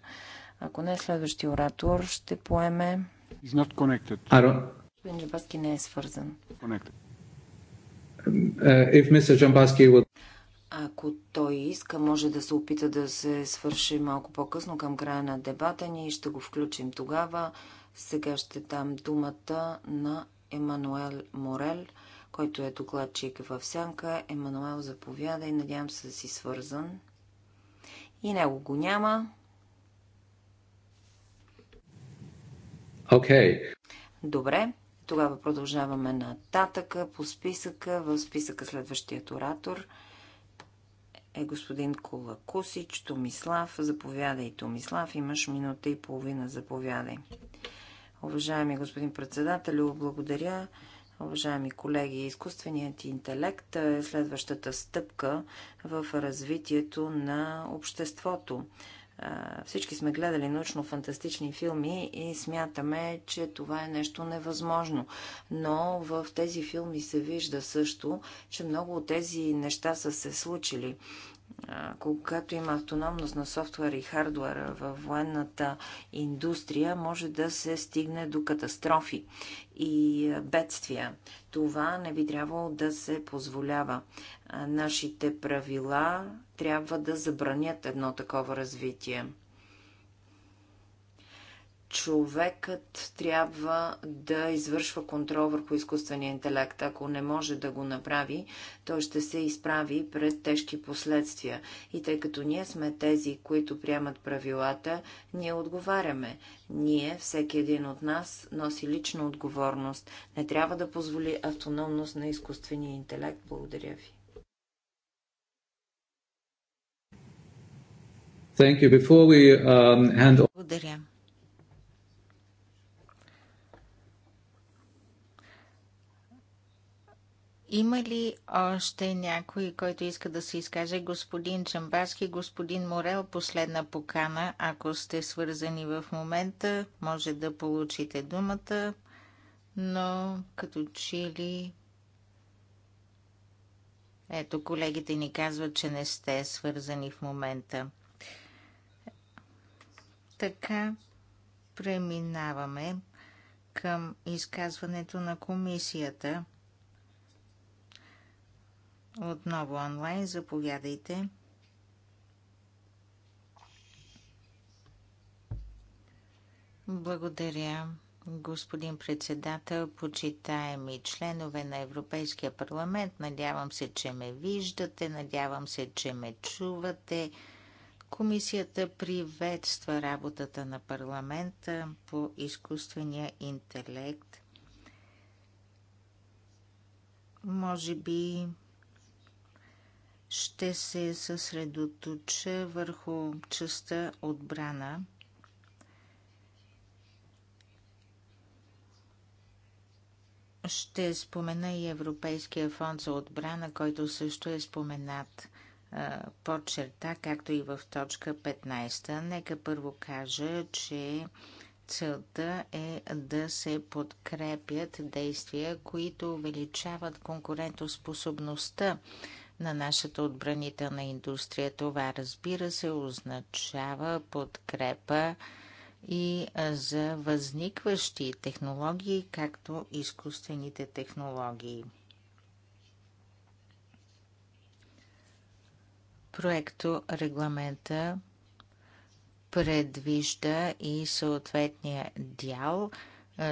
Ако не, следващия оратор ще поеме. Господин Джамбаски не е свързан. Uh, if Mr. would... Ако той иска, може да се опита да се свърши малко по-късно към края на дебата ни и ще го включим тогава. Сега ще дам думата на Емануел Морел, който е докладчик в Сянка. Емануел заповяда и надявам се да си свързан. И него го няма. Okay. Добре, тогава продължаваме нататъка по списъка. В списъка следващият оратор е господин Кула Кусич, Томислав. Заповядай, Томислав, имаш минута и половина. Заповядай. Уважаеми господин председател, благодаря. Уважаеми колеги, изкуственият интелект е следващата стъпка в развитието на обществото. Всички сме гледали научно-фантастични филми и смятаме, че това е нещо невъзможно. Но в тези филми се вижда също, че много от тези неща са се случили когато има автономност на софтуера и хардуера във военната индустрия, може да се стигне до катастрофи и бедствия. Това не би трябвало да се позволява. нашите правила трябва да забранят едно такова развитие човекът трябва да извършва контрол върху изкуствения интелект. Ако не може да го направи, той ще се изправи пред тежки последствия. И тъй като ние сме тези, които приемат правилата, ние отговаряме. Ние, всеки един от нас, носи лична отговорност. Не трябва да позволи автономност на изкуствения интелект. Благодаря ви. Thank you. Before we um, hand... Благодаря. Има ли още някой, който иска да се изкаже? Господин Чамбаски, господин Морел, последна покана. Ако сте свързани в момента, може да получите думата, но като че ли... Ето, колегите ни казват, че не сте свързани в момента. Така, преминаваме към изказването на комисията – отново онлайн, заповядайте. Благодаря, господин председател, почитаеми членове на Европейския парламент. Надявам се, че ме виждате, надявам се, че ме чувате. Комисията приветства работата на парламента по изкуствения интелект. Може би ще се съсредоточа върху частта отбрана. Ще спомена и Европейския фонд за отбрана, който също е споменат по черта, както и в точка 15. Нека първо кажа, че целта е да се подкрепят действия, които увеличават конкурентоспособността на нашата отбранителна индустрия. Това, разбира се, означава подкрепа и за възникващи технологии, както изкуствените технологии. Проекто регламента предвижда и съответния дял –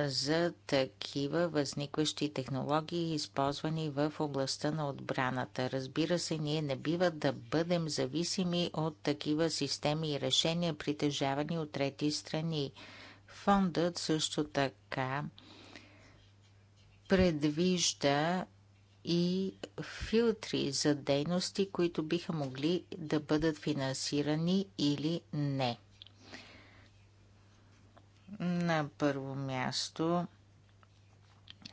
за такива възникващи технологии, използвани в областта на отбраната. Разбира се, ние не бива да бъдем зависими от такива системи и решения, притежавани от трети страни. Фондът също така предвижда и филтри за дейности, които биха могли да бъдат финансирани или не. На първо място,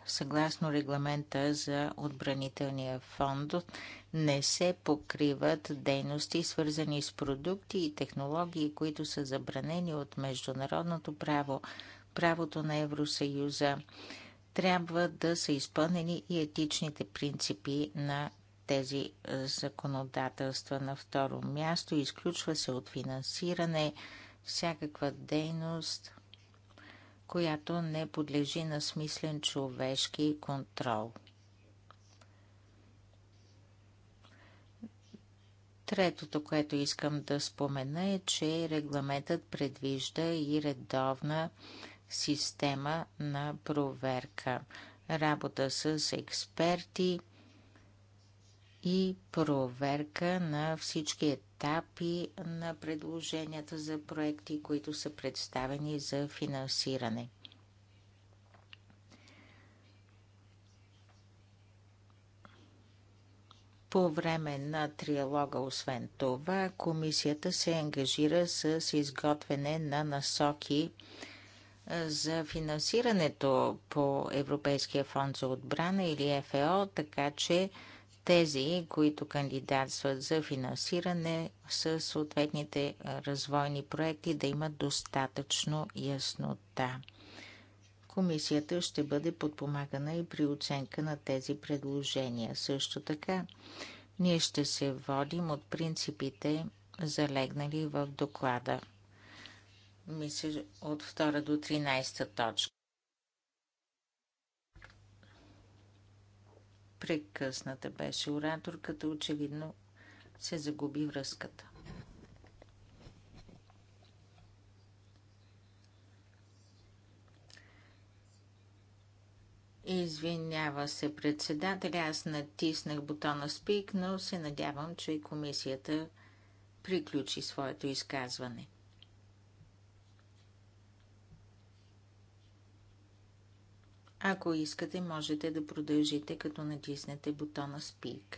съгласно регламента за отбранителния фонд, не се покриват дейности, свързани с продукти и технологии, които са забранени от международното право, правото на Евросъюза. Трябва да са изпълнени и етичните принципи на тези е, законодателства. На второ място изключва се от финансиране всякаква дейност – която не подлежи на смислен човешки контрол. Третото, което искам да спомена е, че регламентът предвижда и редовна система на проверка, работа с експерти и проверка на всички етапи етапи на предложенията за проекти, които са представени за финансиране. По време на триалога, освен това, комисията се ангажира с изготвяне на насоки за финансирането по Европейския фонд за отбрана или ФО, е така че тези, които кандидатстват за финансиране с съответните развойни проекти, да имат достатъчно яснота. Комисията ще бъде подпомагана и при оценка на тези предложения. Също така, ние ще се водим от принципите, залегнали в доклада. Мисля, от 2 до 13 точка. Прекъсната беше ораторката, очевидно се загуби връзката. Извинява се председателя, аз натиснах бутона СПИК, но се надявам, че и комисията приключи своето изказване. Ако искате, можете да продължите, като натиснете бутона Speak.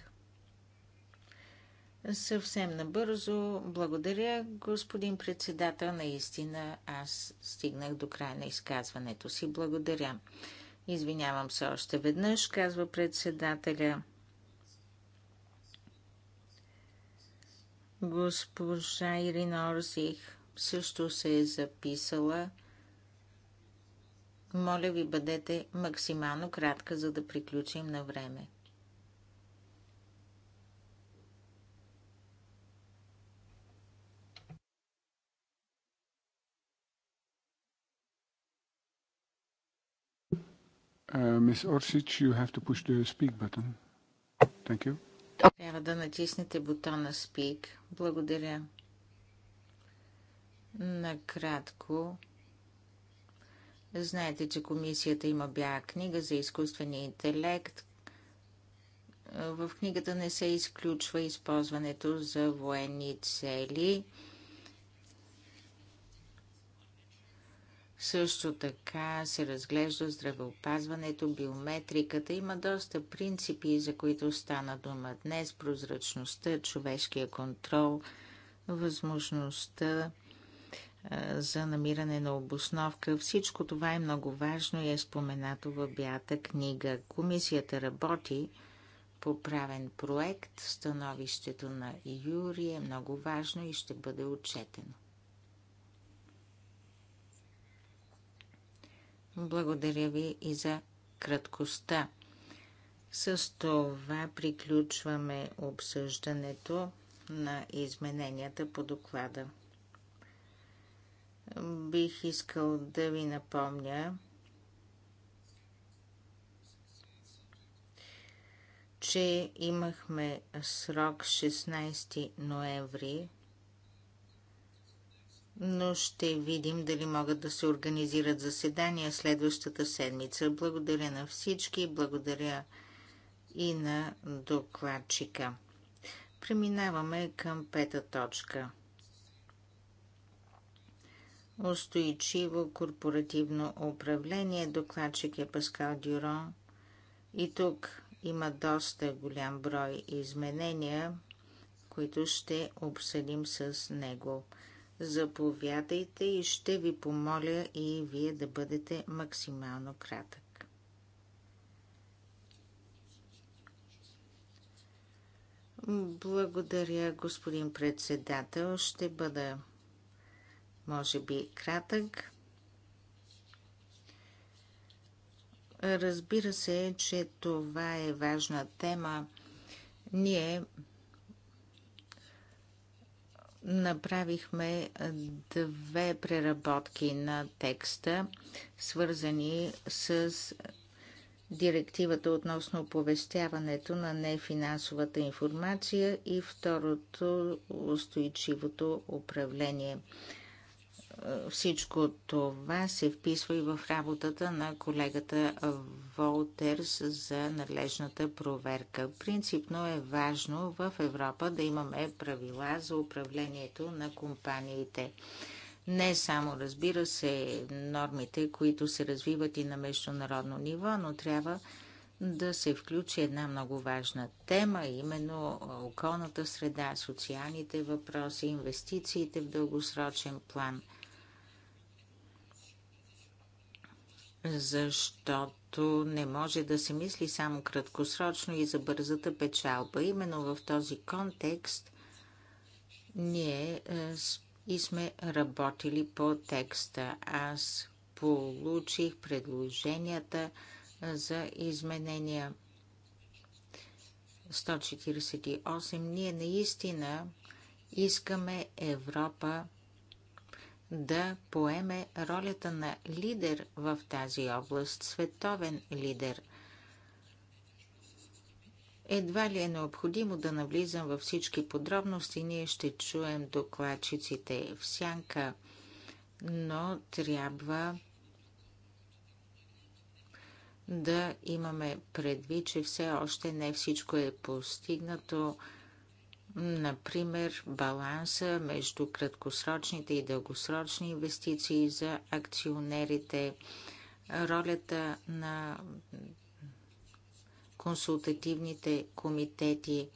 Съвсем набързо, благодаря, господин председател. Наистина, аз стигнах до края на изказването си. Благодаря. Извинявам се още веднъж, казва председателя. Госпожа Ирина Орсих също се е записала. Моля ви, бъдете максимално кратка, за да приключим на време. Uh, Орсич, you have to push the speak button. Thank you. Трябва да натиснете бутона Speak. Благодаря. Накратко Знаете, че комисията има бяла книга за изкуствения интелект. В книгата не се изключва използването за военни цели. Също така се разглежда здравеопазването, биометриката. Има доста принципи, за които стана дума днес. Прозрачността, човешкия контрол, възможността за намиране на обосновка. Всичко това е много важно и е споменато в бята книга. Комисията работи по правен проект. Становището на Юри е много важно и ще бъде отчетено. Благодаря ви и за краткостта. С това приключваме обсъждането на измененията по доклада бих искал да ви напомня, че имахме срок 16 ноември, но ще видим дали могат да се организират заседания следващата седмица. Благодаря на всички, благодаря и на докладчика. Преминаваме към пета точка – устойчиво корпоративно управление. Докладчик е Паскал Дюрон. И тук има доста голям брой изменения, които ще обсъдим с него. Заповядайте и ще ви помоля и вие да бъдете максимално кратък. Благодаря, господин председател. Ще бъда може би кратък. Разбира се, че това е важна тема. Ние направихме две преработки на текста, свързани с директивата относно оповестяването на нефинансовата информация и второто устойчивото управление. Всичко това се вписва и в работата на колегата Волтерс за надлежната проверка. Принципно е важно в Европа да имаме правила за управлението на компаниите. Не само, разбира се, нормите, които се развиват и на международно ниво, но трябва да се включи една много важна тема, именно околната среда, социалните въпроси, инвестициите в дългосрочен план – защото не може да се мисли само краткосрочно и за бързата печалба. Именно в този контекст ние е, и сме работили по текста. Аз получих предложенията е, за изменения 148. Ние наистина искаме Европа да поеме ролята на лидер в тази област, световен лидер. Едва ли е необходимо да навлизам във всички подробности, ние ще чуем докладчиците в сянка, но трябва да имаме предвид, че все още не всичко е постигнато например баланса между краткосрочните и дългосрочни инвестиции за акционерите, ролята на консултативните комитети.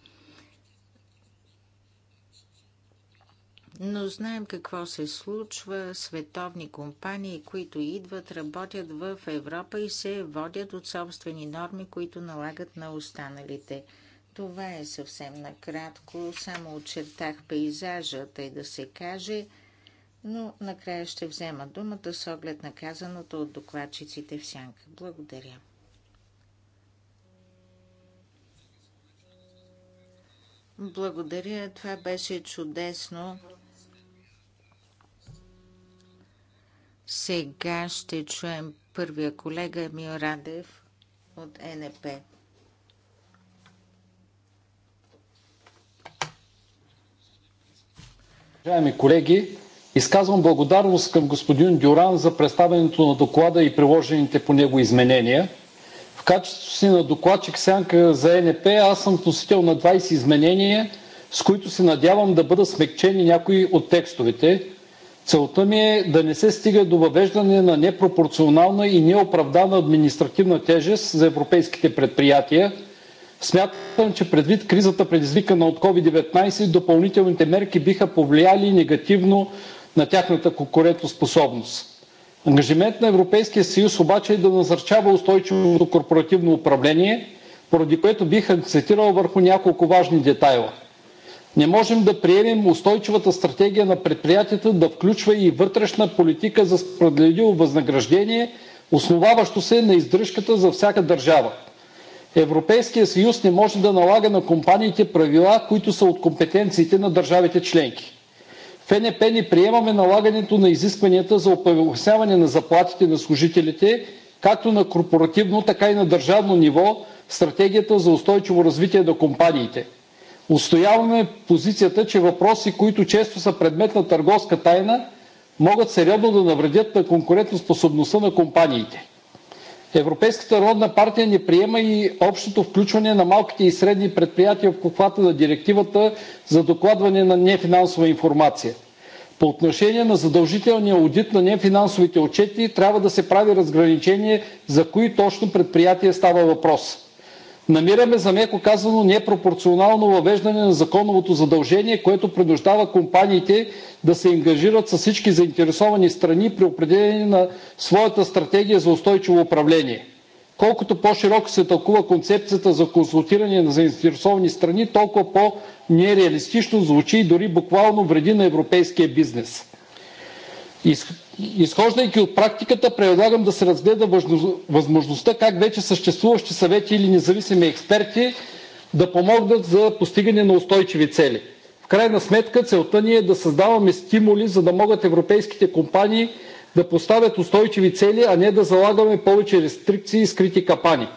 Но знаем какво се случва. Световни компании, които идват, работят в Европа и се водят от собствени норми, които налагат на останалите. Това е съвсем накратко. Само очертах пейзажа, тъй да се каже, но накрая ще взема думата с оглед на казаното от докладчиците в сянка. Благодаря. Благодаря, това беше чудесно. Сега ще чуем първия колега Емил Радев от НП. Уважаеми колеги, изказвам благодарност към господин Дюран за представенето на доклада и приложените по него изменения. В качеството си на докладчик сянка за НП аз съм вносител на 20 изменения, с които се надявам да бъдат смекчени някои от текстовете. Целта ми е да не се стига до въвеждане на непропорционална и неоправдана административна тежест за европейските предприятия, Смятам, че предвид кризата, предизвикана от COVID-19, допълнителните мерки биха повлияли негативно на тяхната конкурентоспособност. Ангажимент на Европейския съюз обаче е да насърчава устойчивото корпоративно управление, поради което бих акцентирал върху няколко важни детайла. Не можем да приемем устойчивата стратегия на предприятията да включва и вътрешна политика за справедливо възнаграждение, основаващо се на издръжката за всяка държава. Европейския съюз не може да налага на компаниите правила, които са от компетенциите на държавите членки. В НП не приемаме налагането на изискванията за оповестяване на заплатите на служителите както на корпоративно, така и на държавно ниво Стратегията за устойчиво развитие на компаниите. Устояваме позицията, че въпроси, които често са предмет на търговска тайна, могат сериозно да навредят на конкурентоспособността на компаниите. Европейската народна партия не приема и общото включване на малките и средни предприятия в обхвата на Директивата за докладване на нефинансова информация. По отношение на задължителния аудит на нефинансовите отчети трябва да се прави разграничение за кои точно предприятия става въпрос. Намираме за, меко казано, непропорционално въвеждане на законовото задължение, което принуждава компаниите да се ангажират с всички заинтересовани страни при определение на своята стратегия за устойчиво управление. Колкото по-широко се тълкува концепцията за консултиране на заинтересовани страни, толкова по-нереалистично звучи и дори буквално вреди на европейския бизнес изхождайки от практиката, предлагам да се разгледа възможността как вече съществуващи съвети или независими експерти да помогнат за постигане на устойчиви цели. В крайна сметка целта ни е да създаваме стимули, за да могат европейските компании да поставят устойчиви цели, а не да залагаме повече рестрикции и скрити капани.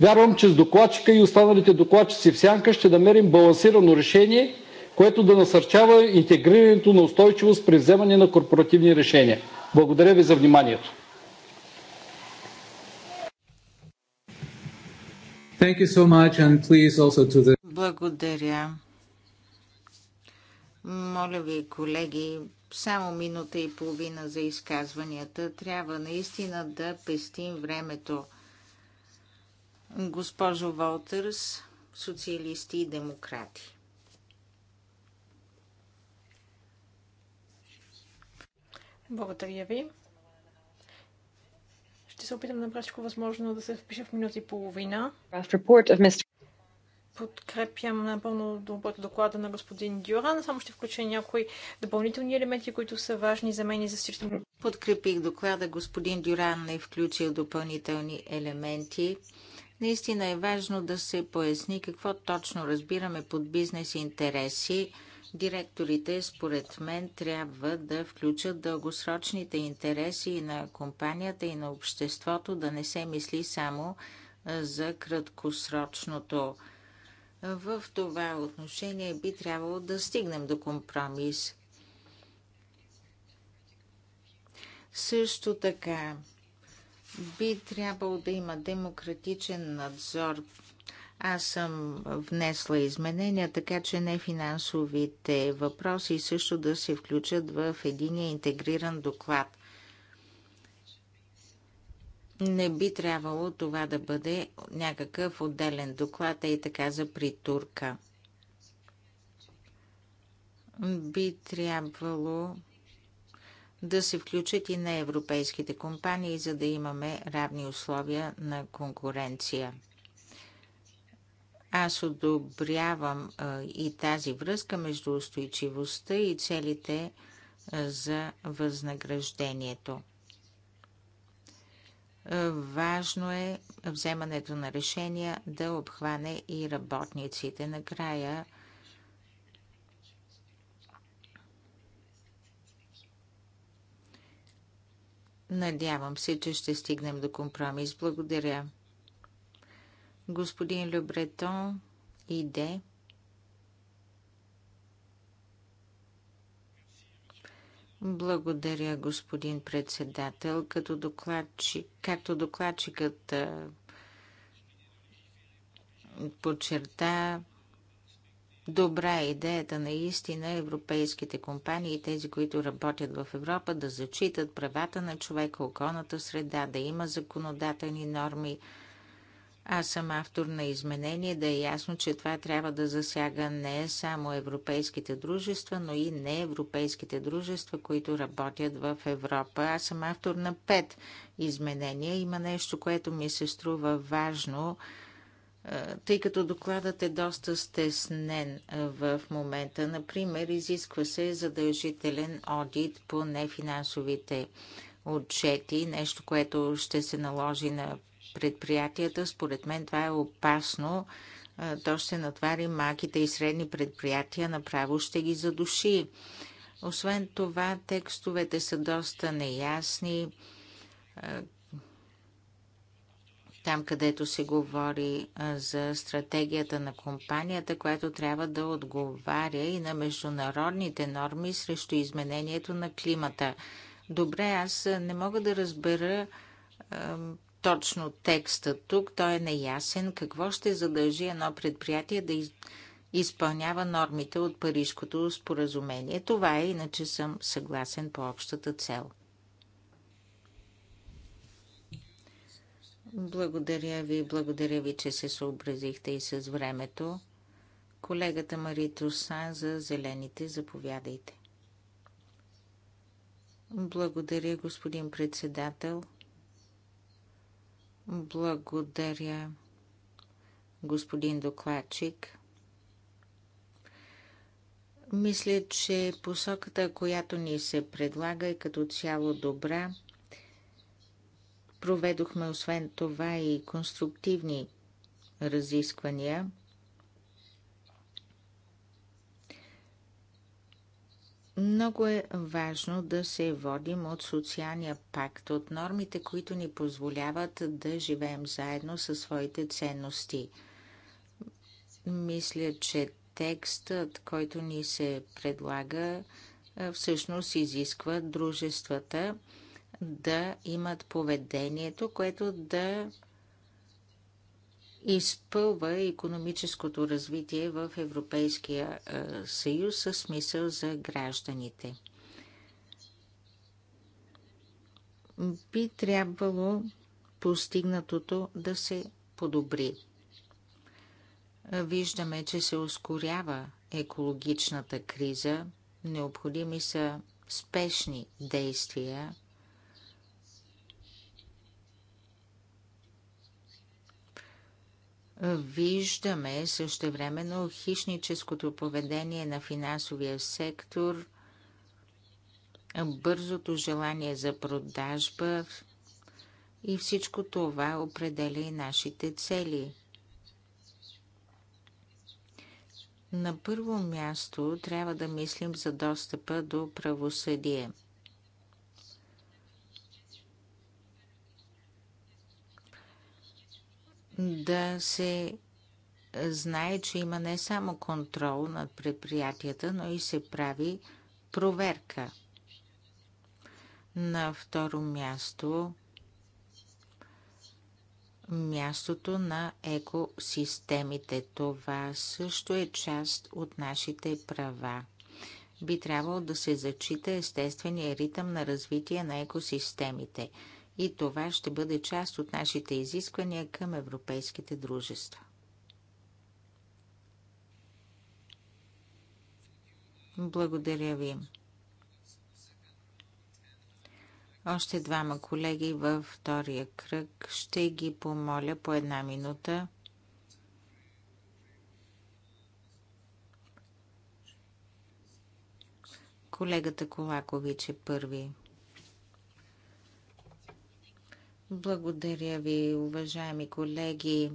Вярвам, че с докладчика и останалите докладчици в сянка ще намерим балансирано решение, което да насърчава интегрирането на устойчивост при вземане на корпоративни решения. Благодаря ви за вниманието. Thank you so much and please also to the... Благодаря. Моля ви, колеги, само минута и половина за изказванията. Трябва наистина да пестим времето. Госпожо Волтърс, социалисти и демократи. Благодаря ви. Ще се опитам да направя всичко възможно да се впиша в минути и половина. Подкрепям напълно добрата доклада на господин Дюран. Само ще включа някои допълнителни елементи, които са важни за мен и за всички. Подкрепих доклада. Господин Дюран не включил допълнителни елементи. Наистина е важно да се поясни какво точно разбираме под бизнес интереси Директорите, според мен, трябва да включат дългосрочните интереси на компанията и на обществото, да не се мисли само за краткосрочното. В това отношение би трябвало да стигнем до компромис. Също така, би трябвало да има демократичен надзор аз съм внесла изменения, така че не финансовите въпроси също да се включат в един интегриран доклад. Не би трябвало това да бъде някакъв отделен доклад, а и така за притурка. Би трябвало да се включат и на европейските компании, за да имаме равни условия на конкуренция. Аз одобрявам и тази връзка между устойчивостта и целите за възнаграждението. Важно е вземането на решения да обхване и работниците. Накрая надявам се, че ще стигнем до компромис. Благодаря. Господин Любретон иде. Благодаря, господин председател. Като докладчик, както докладчикът подчерта, добра е идеята наистина европейските компании, тези, които работят в Европа, да зачитат правата на човека, околната среда, да има законодателни норми – аз съм автор на изменение, да е ясно, че това трябва да засяга не само европейските дружества, но и не европейските дружества, които работят в Европа. Аз съм автор на пет изменения. Има нещо, което ми се струва важно, е, тъй като докладът е доста стеснен е, в момента. Например, изисква се задължителен одит по нефинансовите отчети, нещо, което ще се наложи на предприятията. Според мен това е опасно. То ще натвари малките и средни предприятия, направо ще ги задуши. Освен това, текстовете са доста неясни. Там, където се говори за стратегията на компанията, която трябва да отговаря и на международните норми срещу изменението на климата. Добре, аз не мога да разбера точно текста тук. Той е неясен. Какво ще задължи едно предприятие да изпълнява нормите от Парижското споразумение? Това е, иначе съм съгласен по общата цел. Благодаря ви, благодаря ви, че се съобразихте и с времето. Колегата Марито Сан за зелените, заповядайте. Благодаря, господин председател. Благодаря, господин докладчик. Мисля, че посоката, която ни се предлага е като цяло добра. Проведохме освен това и конструктивни разисквания – Много е важно да се водим от социалния пакт, от нормите, които ни позволяват да живеем заедно със своите ценности. Мисля, че текстът, който ни се предлага, всъщност изисква дружествата да имат поведението, което да изпълва економическото развитие в Европейския съюз със смисъл за гражданите. Би трябвало постигнатото да се подобри. Виждаме, че се ускорява екологичната криза. Необходими са спешни действия Виждаме също времено хищническото поведение на финансовия сектор, бързото желание за продажба и всичко това определя и нашите цели. На първо място трябва да мислим за достъпа до правосъдие – да се знае, че има не само контрол над предприятията, но и се прави проверка. На второ място мястото на екосистемите. Това също е част от нашите права. Би трябвало да се зачита естествения ритъм на развитие на екосистемите – и това ще бъде част от нашите изисквания към европейските дружества. Благодаря ви. Още двама колеги във втория кръг. Ще ги помоля по една минута. Колегата Колакович е първи. Благодаря ви, уважаеми колеги,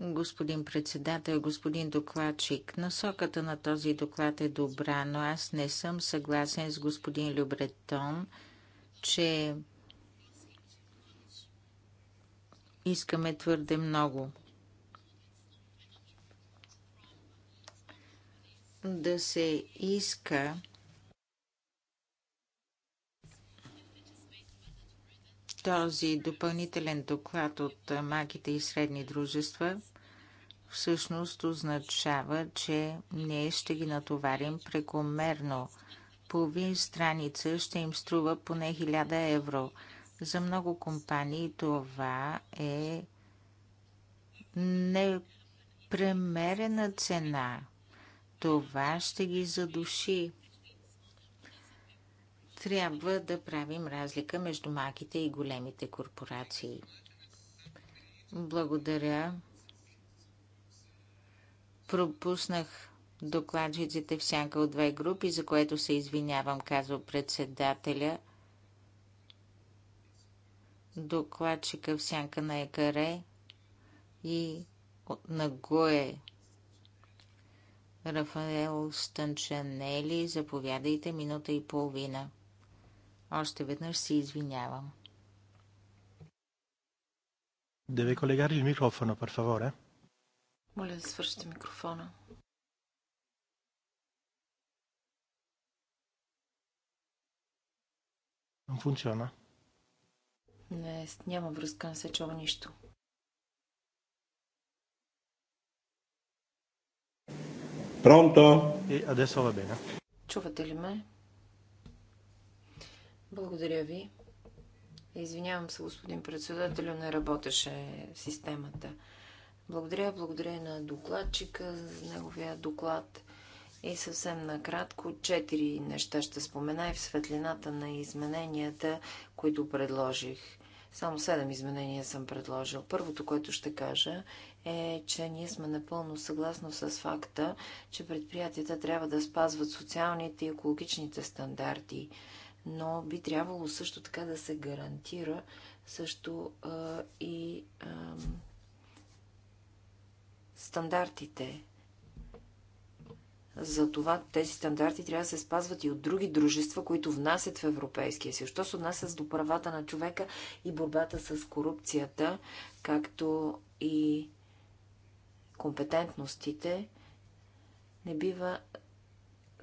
господин председател, господин докладчик. Насоката на този доклад е добра, но аз не съм съгласен с господин Любретон, че искаме твърде много. Да се иска Този допълнителен доклад от малките и средни дружества всъщност означава, че ние ще ги натоварим прекомерно. Половин страница ще им струва поне 1000 евро. За много компании това е непремерена цена. Това ще ги задуши трябва да правим разлика между малките и големите корпорации. Благодаря. Пропуснах докладчиците всяка от две групи, за което се извинявам, казва председателя. Докладчика всяка на Екаре и на Гое. Рафаел Станчанели, заповядайте минута и половина. Още веднъж се извинявам. Деве колегари микрофона, пър per favore. Моля да свършите микрофона. Не функциона. Не, няма връзка, не се чува нищо. Пронто. И адесова бена. Чувате ли ме? Благодаря ви. Извинявам се, господин председателю, не работеше системата. Благодаря, благодаря на докладчика за неговия доклад. И съвсем накратко, четири неща ще спомена и в светлината на измененията, които предложих. Само седем изменения съм предложил. Първото, което ще кажа е, че ние сме напълно съгласно с факта, че предприятията трябва да спазват социалните и екологичните стандарти но би трябвало също така да се гарантира също а, и а, стандартите. За това тези стандарти трябва да се спазват и от други дружества, които внасят в Европейския съюз. Що се отнася до правата на човека и борбата с корупцията, както и компетентностите, не бива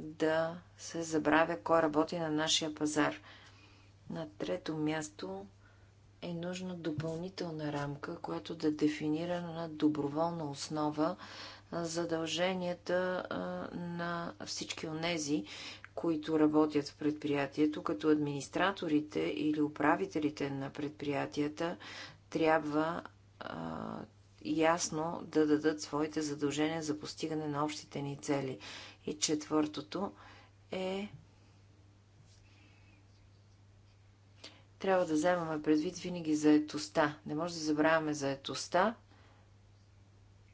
да се забравя кой работи на нашия пазар. На трето място е нужна допълнителна рамка, която да е дефинира на доброволна основа задълженията на всички онези, които работят в предприятието, като администраторите или управителите на предприятията трябва ясно да дадат своите задължения за постигане на общите ни цели. И четвъртото е трябва да вземаме предвид винаги заетостта. Не може да забравяме заетостта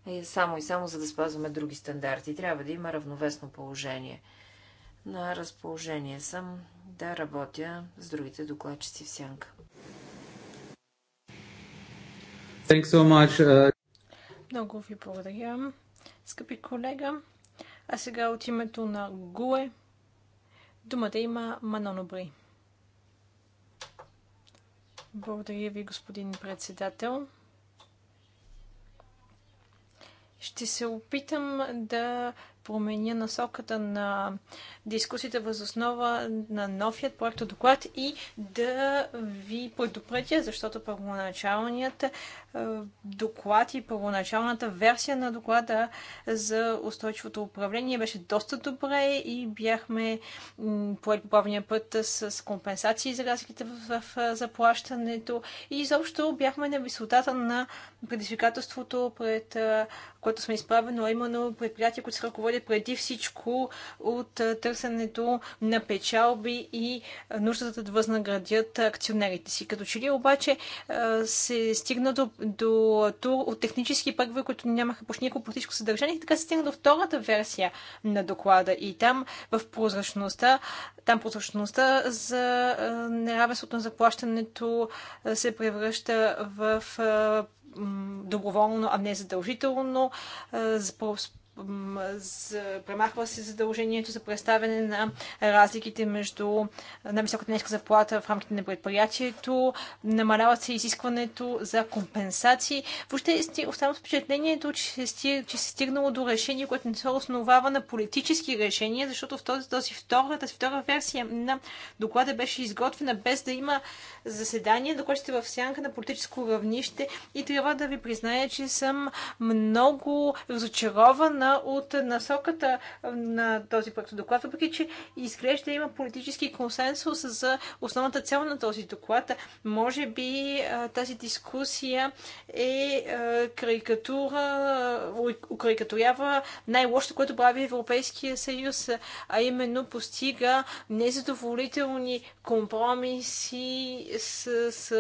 и само и само за да спазваме други стандарти. Трябва да има равновесно положение. На разположение съм да работя с другите докладчици в сянка. So much, uh... Много ви благодаря, скъпи колега. А сега от името на Гуе думата има Манон Обри. Благодаря ви, господин председател. Ще се опитам да променя насоката на дискусията въз основа на новият проект доклад и да ви предупредя, защото първоначалният е, доклад и първоначалната версия на доклада за устойчивото управление беше доста добре и бяхме по главния път с компенсации за разликите в заплащането и изобщо бяхме на висотата на предизвикателството, пред е, което сме изправено а именно предприятия, които се ръководят бъде преди всичко от търсенето на печалби и нуждата да възнаградят акционерите си. Като че ли обаче се стигна до, до тур от технически преговори, които нямаха почти никакво политическо съдържание така се стигна до втората версия на доклада. И там в прозрачността, там прозрачността за неравенството на заплащането се превръща в доброволно, а не задължително премахва се задължението за представяне на разликите между най-високата нейска заплата в рамките на предприятието, намалява се изискването за компенсации. Въобще оставам с впечатлението, че, се стигнало до решение, което не се основава на политически решения, защото в този, този втора, тази втора версия на доклада беше изготвена без да има заседание, до което сте в сянка на политическо равнище и трябва да ви призная, че съм много разочарована отклонена от насоката на този проект доклад, въпреки че изглежда има политически консенсус за основната цел на този доклад. Може би тази дискусия е карикатура, укарикатурява най-лошото, което прави Европейския съюз, а именно постига незадоволителни компромиси с, с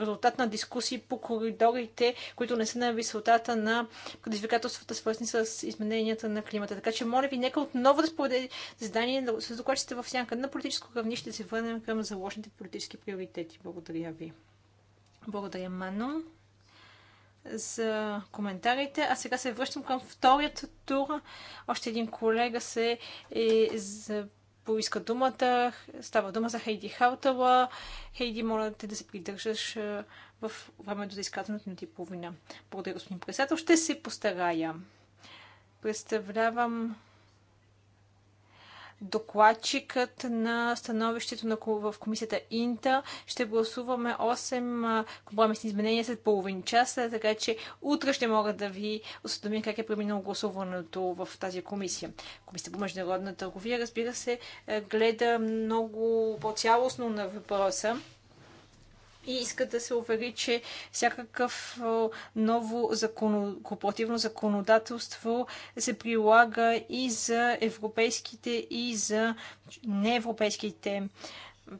резултат на дискусии по коридорите, които не са на висотата на предизвикателствата, свързани с изменението измененията на климата. Така че, моля ви, нека отново да споведе задание с докладчите в сянка на политическо равнище да се върнем към заложните политически приоритети. Благодаря ви. Благодаря, Мано, за коментарите. А сега се връщам към вторият тур. Още един колега се е за поиска думата. Става дума за Хейди Халтала. Хейди, моля те да се придържаш в времето за изказването на ти половина. Благодаря, господин председател. Ще се постарая представлявам докладчикът на становището на, в комисията Инта. Ще гласуваме 8 компромисни изменения след половин час, така че утре ще мога да ви осъдомя как е преминало гласуването в тази комисия. Комисията по международна търговия, разбира се, е, гледа много по-цялостно на въпроса и иска да се увери, че всякакъв ново закон... корпоративно законодателство се прилага и за европейските, и за неевропейските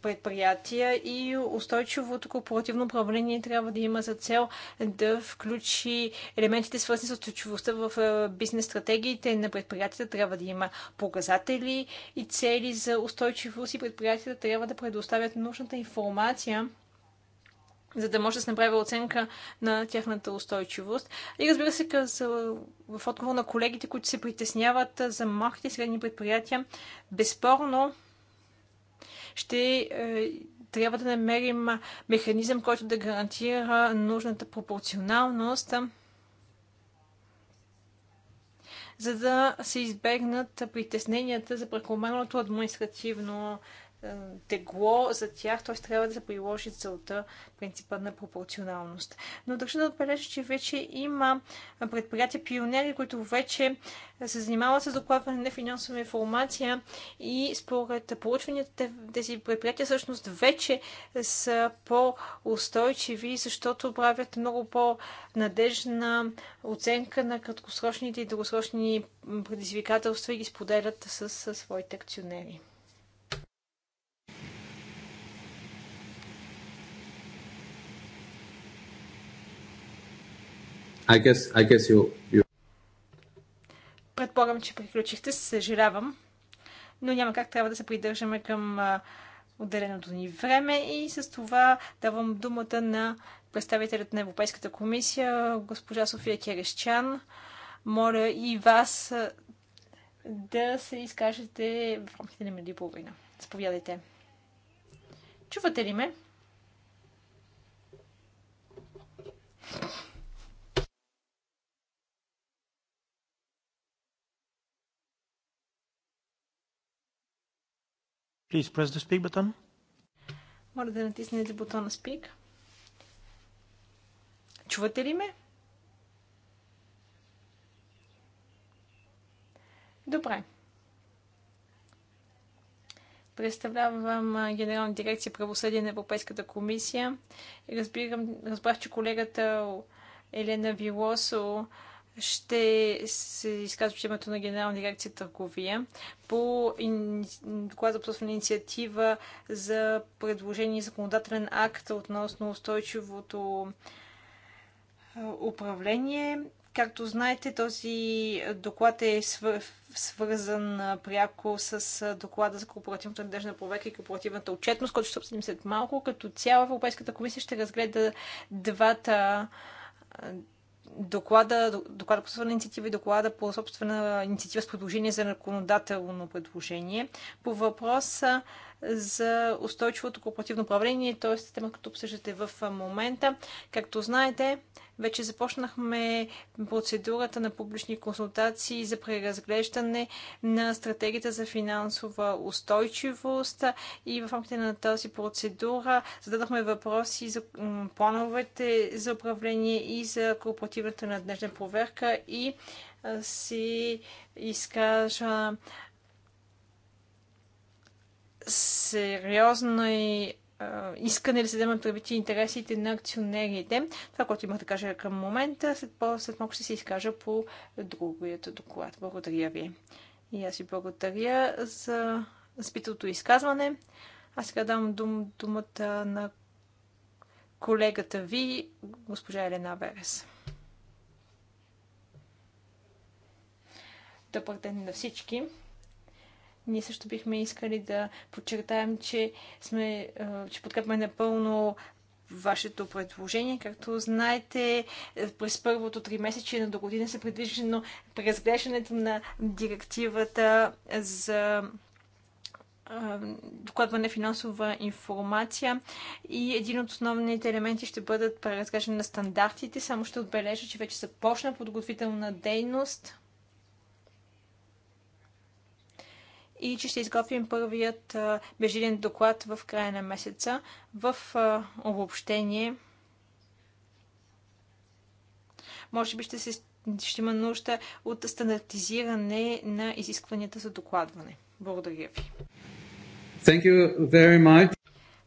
предприятия и устойчивото корпоративно управление трябва да има за цел да включи елементите свързани с устойчивостта в е, бизнес стратегиите на предприятията. Трябва да има показатели и цели за устойчивост и предприятията трябва да предоставят нужната информация за да може да се направи оценка на тяхната устойчивост. И разбира се, в отговор на колегите, които се притесняват за малките и средни предприятия, безспорно ще е, трябва да намерим механизъм, който да гарантира нужната пропорционалност, за да се избегнат притесненията за прекомерното административно е, тегло за тях, т.е. трябва да се приложи целта принципа на пропорционалност. Но държа да отбележа, че вече има предприятия пионери, които вече се занимават с докладване на финансова информация и според получванията тези предприятия всъщност вече са по-устойчиви, защото правят много по-надежна оценка на краткосрочните и дългосрочни предизвикателства и ги споделят с своите акционери. I guess, I guess you, you... Предполагам, че приключихте, съжалявам, но няма как трябва да се придържаме към отделеното ни време и с това давам думата на представителят на Европейската комисия, госпожа София Керещан. Моля и вас да се изкажете в рамките на минути половина. Заповядайте. Чувате ли ме? Please press the speak button. Моля да натиснете бутона Speak. Чувате ли ме? Добре. Представлявам Генерална дирекция правосъдие на Европейската комисия. Разбирам, разбрах, че колегата Елена Вилосо ще се изказва в името на Генерална дирекция търговия по доклад за собствена инициатива за предложение и законодателен акт относно устойчивото управление. Както знаете, този доклад е свързан пряко с доклада за корпоративната надежна проверка и корпоративната отчетност, който ще обсъдим след малко. Като цяло Европейската комисия ще разгледа двата доклада, доклада по собствена инициатива и доклада по собствена инициатива с предложение за законодателно предложение. По въпроса за устойчивото корпоративно управление, т.е. тема, като обсъждате в момента. Както знаете, вече започнахме процедурата на публични консултации за преразглеждане на стратегията за финансова устойчивост и в рамките на тази процедура зададохме въпроси за плановете за управление и за корпоративната надлежна проверка и си изкажа сериозно и искане да се вземат правити интересите на акционерите. Това, което имах да кажа към момента, след, след малко ще се изкажа по другият доклад. Благодаря ви. И аз ви благодаря за спитото изказване. Аз сега дам дум, думата на колегата ви, госпожа Елена Верес. Добър ден на всички! Ние също бихме искали да подчертаем, че, сме, че подкрепяме напълно вашето предложение. Както знаете, през първото три месече на до година се предвиждано преразглеждането на директивата за докладване финансова информация и един от основните елементи ще бъдат преразглеждане на стандартите. Само ще отбележа, че вече започна подготвителна дейност и че ще изготвим първият междинен доклад в края на месеца в обобщение. Може би ще, се, ще има нужда от стандартизиране на изискванията за докладване. Благодаря ви. Thank you very much.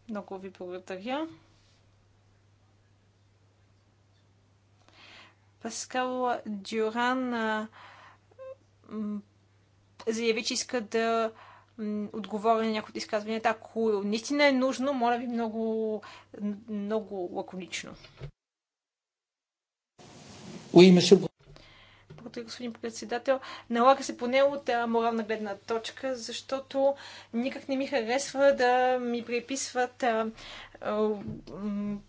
Много ви благодаря. Паскал Дюран заяви, че иска да отговори на някои от изказванията. Ако наистина е нужно, моля ви много, много лаконично. Благодаря, господин председател. Налага се поне от а, морална гледна точка, защото никак не ми харесва да ми приписват а, а,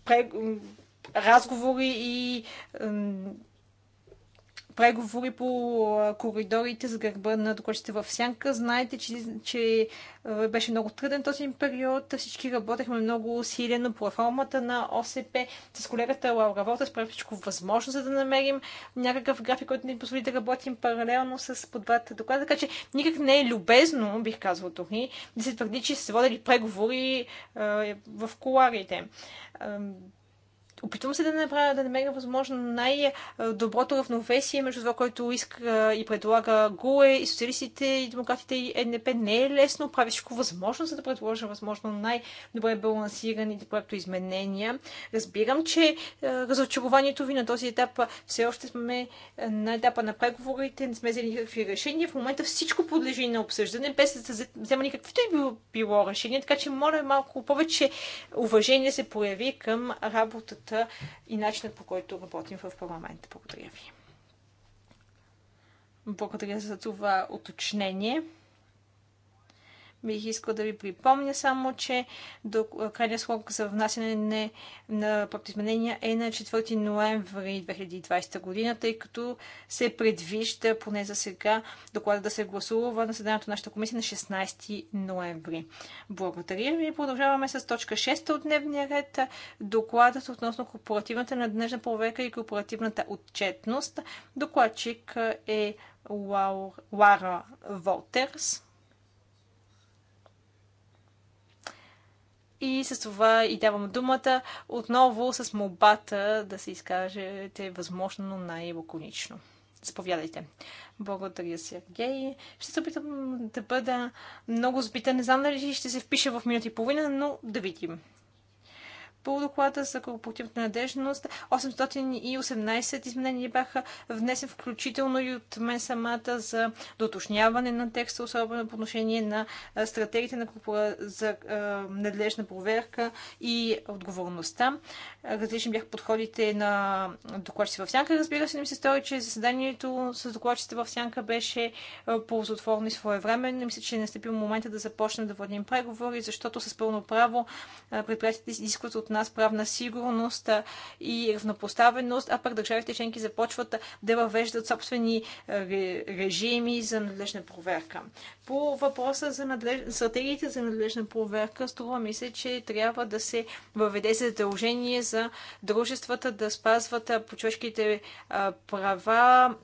прег... разговори и преговори по коридорите с гърба на докладчите в Сянка. Знаете, че, че беше много труден този период. Всички работехме много усилено по реформата на ОСП. С колегата Лаура Волта справи всичко възможно, за да намерим някакъв график, който ни позволи да работим паралелно с по двата доклада. Така че никак не е любезно, бих казал дори, да се твърди, че са водили преговори е, в коларите. Е, Опитвам се да направя, да намеря възможно най-доброто равновесие между това, което иска и предлага ГУЕ и социалистите и демократите и ЕДНП. Не е лесно, прави всичко възможно, за да предложа възможно най-добре балансираните проекто изменения. Разбирам, че е, разочарованието ви на този етап все още сме е, на етапа на преговорите, не сме взели никакви решения. В момента всичко подлежи на обсъждане, без да взема никаквито и било, било решение, така че моля малко повече уважение се появи към работата работа и начинът по който работим в парламента. Благодаря ви. Благодаря за това уточнение бих искал да ви припомня само, че до крайния срок за внасяне на изменения е на 4 ноември 2020 година, тъй като се предвижда, поне за сега, доклада да се гласува на съданието на нашата комисия на 16 ноември. Благодаря ви. Продължаваме с точка 6 от дневния ред. Докладът относно корпоративната надлежна проверка и корпоративната отчетност. Докладчик е Лара Волтерс. И с това и давам думата отново с молбата да се изкажете възможно най-лаконично. Заповядайте. Благодаря, Сергей. Ще се опитам да бъда много сбита. Не знам дали ще се впиша в минута и половина, но да видим по доклада за корпоративната надежност. 818 изменения бяха внесени включително и от мен самата за доточняване на текста, особено по отношение на стратегиите на корпора... за надлежна проверка и отговорността. Различни бяха подходите на докладчици в сянка. Разбира се, не ми се стори, че заседанието с докладчиците в сянка беше ползотворно и своевременно. Мисля, че е настъпил момента да започнем да водим преговори, защото с пълно право предприятията изискват от нас нас правна сигурност и равнопоставеност, а пък държавите членки започват да въвеждат собствени режими за надлежна проверка. По въпроса за надлеж... стратегиите за надлежна проверка, струва ми се, че трябва да се въведе задължение за дружествата да спазват по човешките права,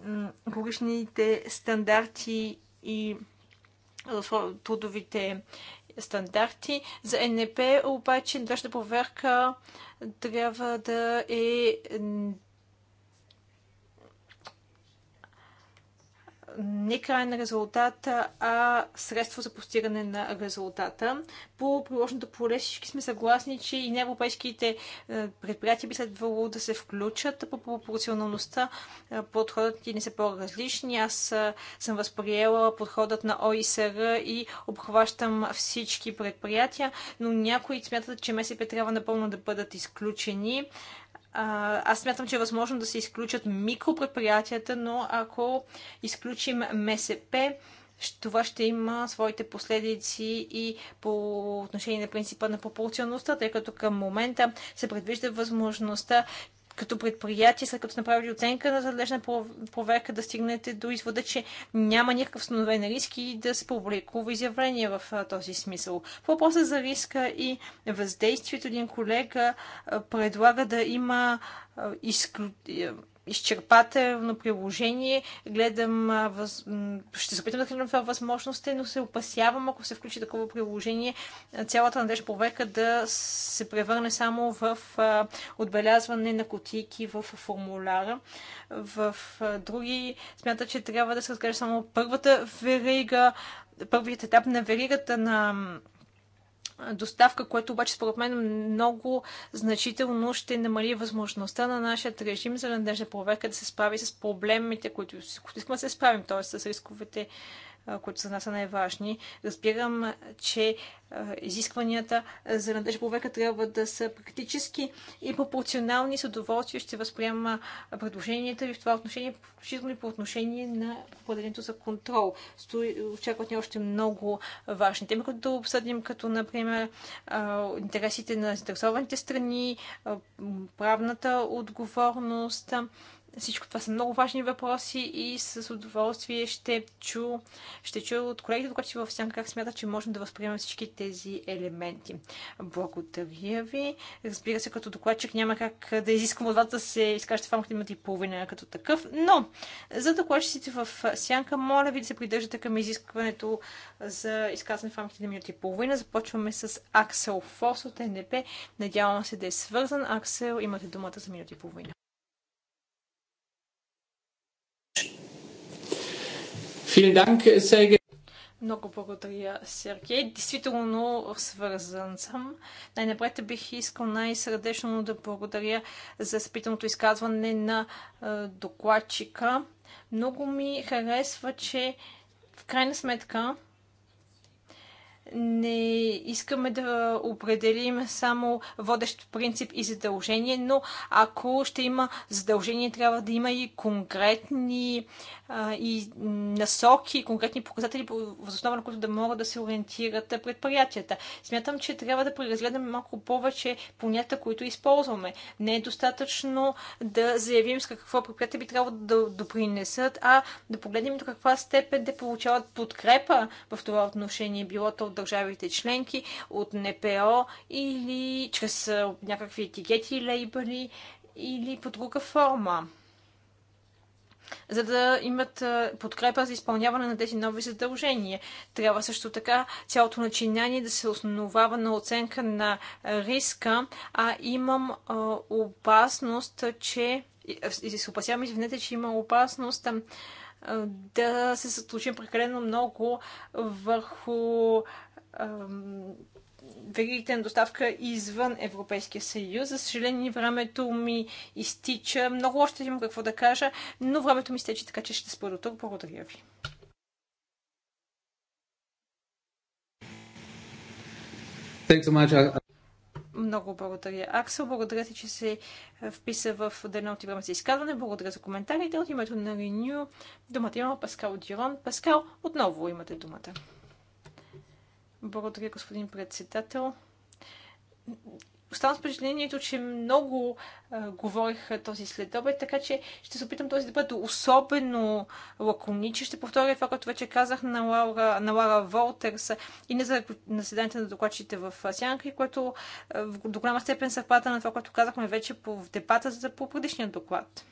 екологичните стандарти и трудовите стандарти. За НП обаче дъжда проверка трябва да е не крайен резултат, а средство за постигане на резултата. По приложното поле всички сме съгласни, че и неевропейските е, предприятия би следвало да се включат по пропорционалността. Е, подходът ни не са по-различни. Аз е, съм възприела подходът на ОИСР и обхващам всички предприятия, но някои смятат, че МСП трябва напълно да бъдат изключени аз смятам, че е възможно да се изключат микропредприятията, но ако изключим МСП, това ще има своите последици и по отношение на принципа на пропорционалността, тъй като към момента се предвижда възможността като предприятие, след като сте направили оценка на задлежна проверка, да стигнете до извода, че няма никакъв установен риск и да се публикува изявление в този смисъл. По въпроса за риска и въздействието един колега предлага да има изключение изчерпателно приложение. Гледам, въз... ще се опитам да гледам това възможности, но се опасявам, ако се включи такова приложение, цялата надежда по века да се превърне само в отбелязване на котики в формуляра. В други смята, че трябва да се разкаже само първата верига, първият етап на веригата на доставка, което обаче според мен много значително ще намали възможността на нашия режим за надежда проверка да се справи с проблемите, които, искаме да се справим, т.е. с рисковете които за нас са най-важни. Разбирам, че изискванията за надежда века трябва да са практически и пропорционални. С удоволствие ще възприема предложенията ви в това отношение, включително и по отношение на определението за контрол. Очакват ни още много важни теми, които да обсъдим, като, например, интересите на заинтересованите страни, правната отговорност, всичко това са много важни въпроси и с удоволствие ще чу, ще чу от колегите, когато си в сянка, как смятат, че можем да възприемем всички тези елементи. Благодаря ви. Разбира се, като докладчик няма как да изискам от вас да се изкажете в рамките минути и половина като такъв, но за докладчиците в сянка, моля ви да се придържате към изискването за изказване в рамките на минути и половина. Започваме с Аксел Фос от НДП. Надявам се да е свързан. Аксел, имате думата за минути и половина. Много благодаря, Сергей. Действително свързан съм. Най-напред бих искал най-сърдечно да благодаря за спитаното изказване на докладчика. Много ми харесва, че в крайна сметка не искаме да определим само водещ принцип и задължение, но ако ще има задължение, трябва да има и конкретни и насоки, конкретни показатели, в основа на които да могат да се ориентират предприятията. Смятам, че трябва да преразгледаме малко повече понята, които използваме. Не е достатъчно да заявим с какво предприятие би трябвало да допринесат, а да погледнем до каква степен да получават подкрепа в това отношение, било то от държавите членки, от НПО или чрез някакви етикети и лейбъли или по друга форма за да имат подкрепа за изпълняване на тези нови задължения. Трябва също така цялото начинание да се основава на оценка на риска, а имам опасност, че и се опасявам, извинете, че има опасност да се случим прекалено много върху веригите на доставка извън Европейския съюз. За съжаление, времето ми изтича. Много още имам какво да кажа, но времето ми изтича, така че ще спра до тук. Благодаря ви. Много благодаря, Аксел. Благодаря ти, че се вписа в дена от време за изказване. Благодаря за коментарите. От името на Renew думата има Паскал Дюрон. Паскал, отново имате думата. Благодаря, господин председател. Оставам с впечатлението, че много а, говорих този следобед, така че ще се опитам този да бъде особено лаконичен. Ще повторя това, което вече казах на Лара, на Лара Волтерс и не за наседанието на докладчите в Сянка, което а, до голяма степен съвпада на това, което казахме вече по в дебата за по предишния доклад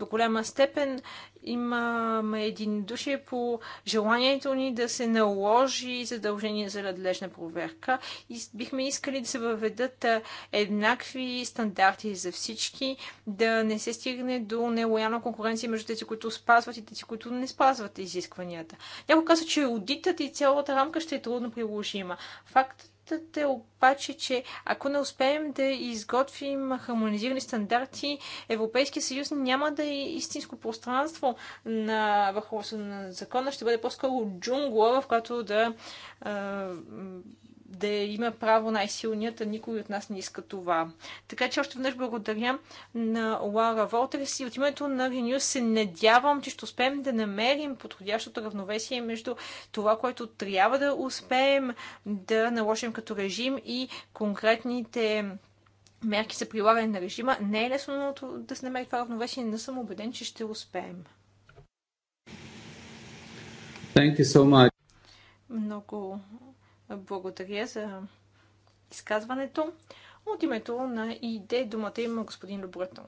до голяма степен имаме един души по желанието ни да се наложи задължение за надлежна проверка и бихме искали да се въведат еднакви стандарти за всички, да не се стигне до нелоялна конкуренция между тези, които спазват и тези, които не спазват изискванията. Някой каза, че аудитът и цялата рамка ще е трудно приложима. Фактът Фактът е обаче, че ако не успеем да изготвим хармонизирани стандарти, Европейския съюз няма да е истинско пространство на върховенството на закона, ще бъде по-скоро джунгла, в която да да има право най силнията никой от нас не иска това. Така че още веднъж благодаря на Лара Волтерс и от името на Renew се надявам, че ще успеем да намерим подходящото равновесие между това, което трябва да успеем да наложим като режим и конкретните мерки за прилагане на режима. Не е лесно да се намери това равновесие, не съм убеден, че ще успеем. Thank you so much. Много благодаря за изказването. От името на ИД думата има господин Любретон.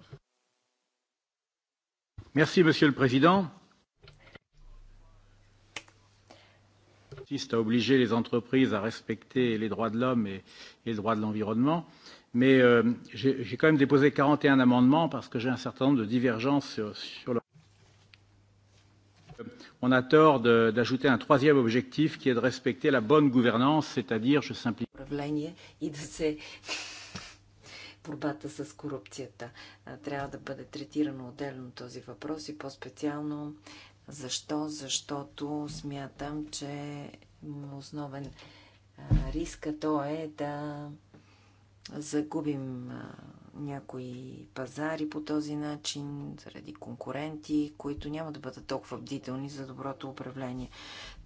Мерси, месье президент. à obliger les entreprises à respecter les droits de l'homme et les droits de l'environnement. Mais euh, j'ai quand même déposé 41 amendements parce que j'ai un certain nombre de divergences sur, sur le on a tort d'ajouter un troisième objectif qui est de respecter la bonne gouvernance, c'est-à-dire, je simplifie. борбата с корупцията. Трябва да бъде третирано отделно този въпрос и по-специално защо? Защото смятам, че основен риска то е да загубим някои пазари по този начин, заради конкуренти, които няма да бъдат толкова бдителни за доброто управление.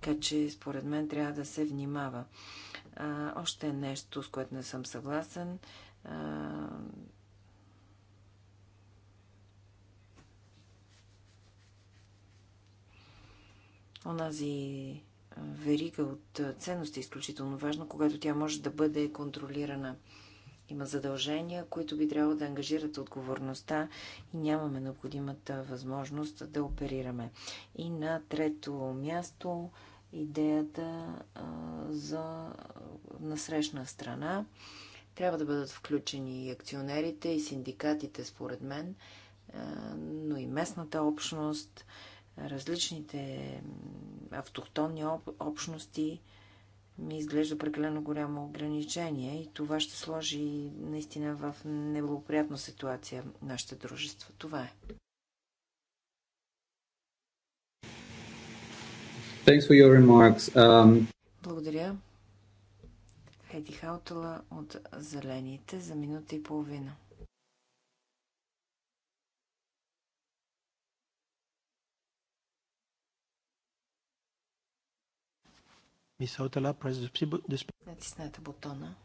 Така че, според мен, трябва да се внимава. А, още нещо, с което не съм съгласен. А, онази верига от ценности е изключително важна, когато тя може да бъде контролирана. Има задължения, които би трябвало да ангажират отговорността и нямаме необходимата възможност да оперираме. И на трето място идеята за насрещна страна. Трябва да бъдат включени и акционерите, и синдикатите, според мен, но и местната общност, различните автохтонни общности, ми изглежда прекалено голямо ограничение и това ще сложи наистина в неблагоприятна ситуация нашите дружества. Това е. Thanks for your remarks. Um... Благодаря. Хейди Хаутала от Зелените за минута и половина. натиснете бутона.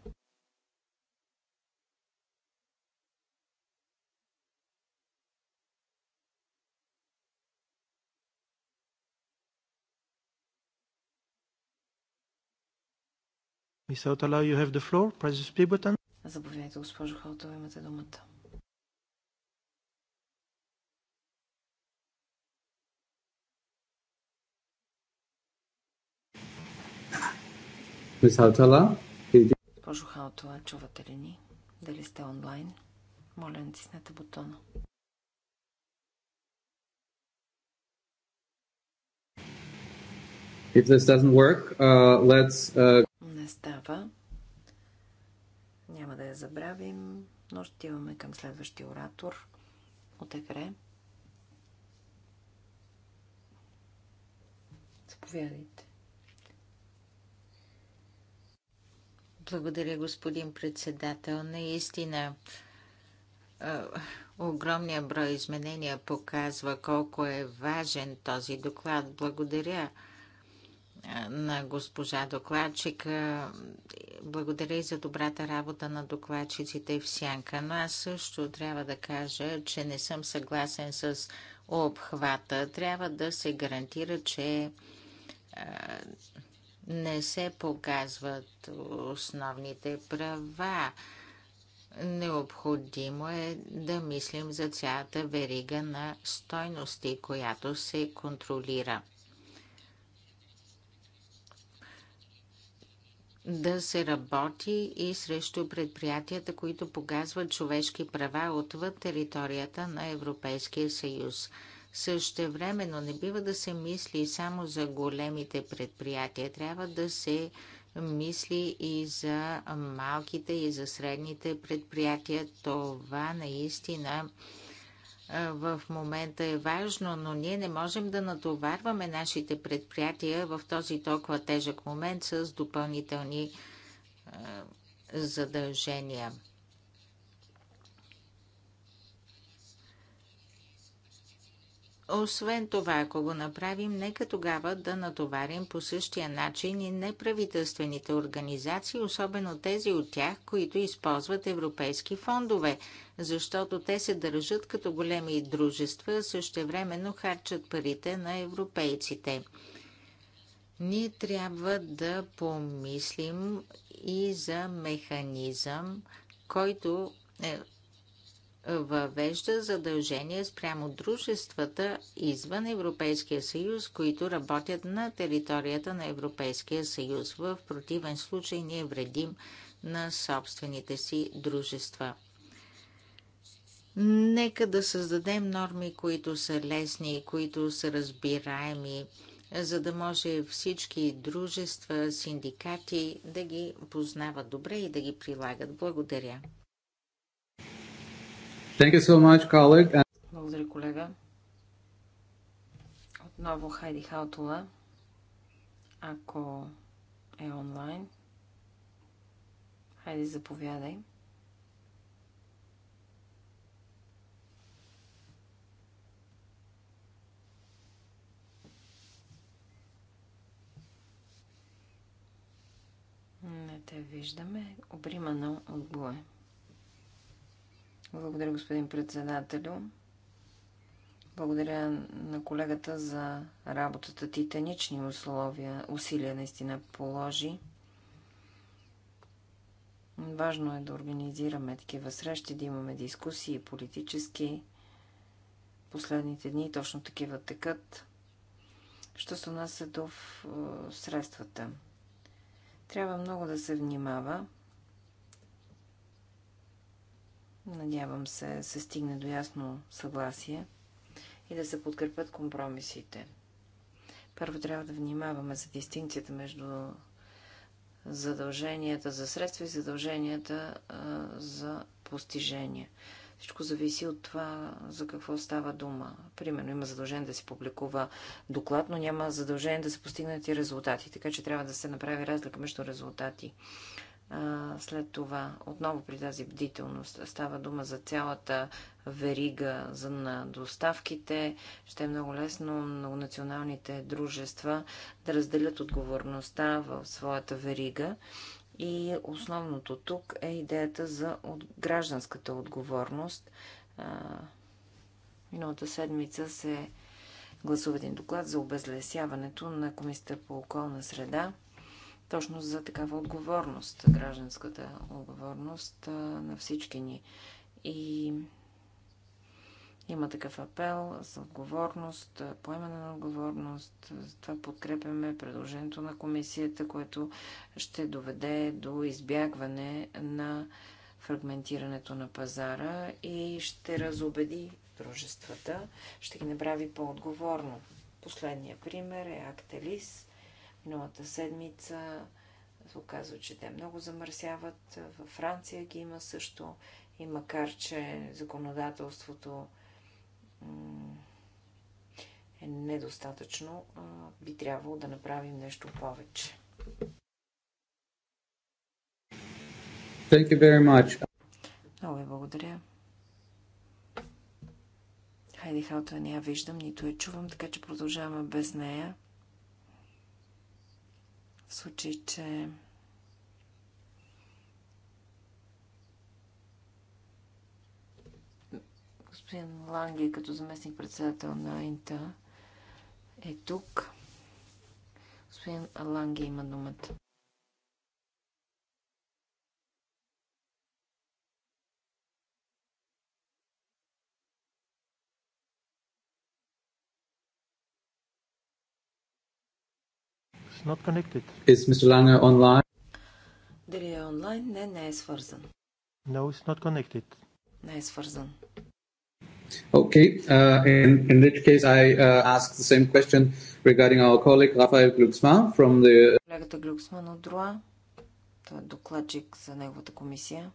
Мис you have the floor. Press the button. Заповядайте, госпожо Халтова, имате думата. Мис Госпожо Халтова, чувате ли ни? Дали сте онлайн? Моля, натиснете бутона. If this doesn't work, uh, let's... Uh... Не става. Няма да я забравим, но ще имаме към следващия оратор от Егре. Заповядайте. Благодаря, господин председател. Наистина, огромния брой изменения показва колко е важен този доклад. Благодаря на госпожа докладчика. Благодаря и за добрата работа на докладчиците в Сянка. Но аз също трябва да кажа, че не съм съгласен с обхвата. Трябва да се гарантира, че не се показват основните права. Необходимо е да мислим за цялата верига на стойности, която се контролира. Да се работи и срещу предприятията, които погазват човешки права отвъд територията на Европейския съюз. Същевременно не бива да се мисли само за големите предприятия. Трябва да се мисли и за малките и за средните предприятия. Това наистина в момента е важно, но ние не можем да натоварваме нашите предприятия в този толкова тежък момент с допълнителни задължения. Освен това, ако го направим, нека тогава да натоварим по същия начин и неправителствените организации, особено тези от тях, които използват европейски фондове, защото те се държат като големи дружества, същевременно харчат парите на европейците. Ние трябва да помислим и за механизъм, който е въвежда задължения спрямо дружествата извън Европейския съюз, които работят на територията на Европейския съюз. В противен случай ние вредим на собствените си дружества. Нека да създадем норми, които са лесни, които са разбираеми, за да може всички дружества, синдикати да ги познават добре и да ги прилагат. Благодаря. Thank you so much, colleague. And... Благодаря, колега. Отново Хайди Халтова, ако е онлайн. Хайде, заповядай. Не те виждаме. Обримана от боя. Благодаря, господин председателю. Благодаря на колегата за работата. Титанични условия, усилия наистина положи. Важно е да организираме такива срещи, да имаме дискусии политически. Последните дни точно такива текат. Що се е до средствата? Трябва много да се внимава, Надявам се се стигне до ясно съгласие и да се подкрепят компромисите. Първо трябва да внимаваме за дистинцията между задълженията за средства и задълженията а, за постижения. Всичко зависи от това за какво става дума. Примерно има задължение да се публикува доклад, но няма задължение да се постигнат и резултати. Така че трябва да се направи разлика между резултати след това, отново при тази бдителност, става дума за цялата верига за на доставките. Ще е много лесно многонационалните дружества да разделят отговорността в своята верига. И основното тук е идеята за гражданската отговорност. Миналата седмица се гласува един доклад за обезлесяването на Комисията по околна среда – точно за такава отговорност, гражданската отговорност на всички ни. И има такъв апел за отговорност, поемане на отговорност. Затова подкрепяме предложението на комисията, което ще доведе до избягване на фрагментирането на пазара и ще разобеди дружествата, ще ги направи по-отговорно. Последният пример е Актелис. Миналата седмица се оказва, че те много замърсяват. Във Франция ги има също. И макар, че законодателството е недостатъчно, би трябвало да направим нещо повече. Thank you very much. Много ви благодаря. Хайде Халтова не я виждам, нито я чувам, така че продължаваме без нея. В случай, че господин Ланги като заместник председател на Инта е тук. Господин Ланги има думата. not connected. Is Mr. Lange online? Дали е онлайн? Не, не е свързан. No, it's not connected. Не е свързан. Okay, uh, in, in which case I uh, ask the same question regarding our colleague Rafael Glucksmann from the... Колегата Глюксман от Друа, той е докладчик за неговата комисия.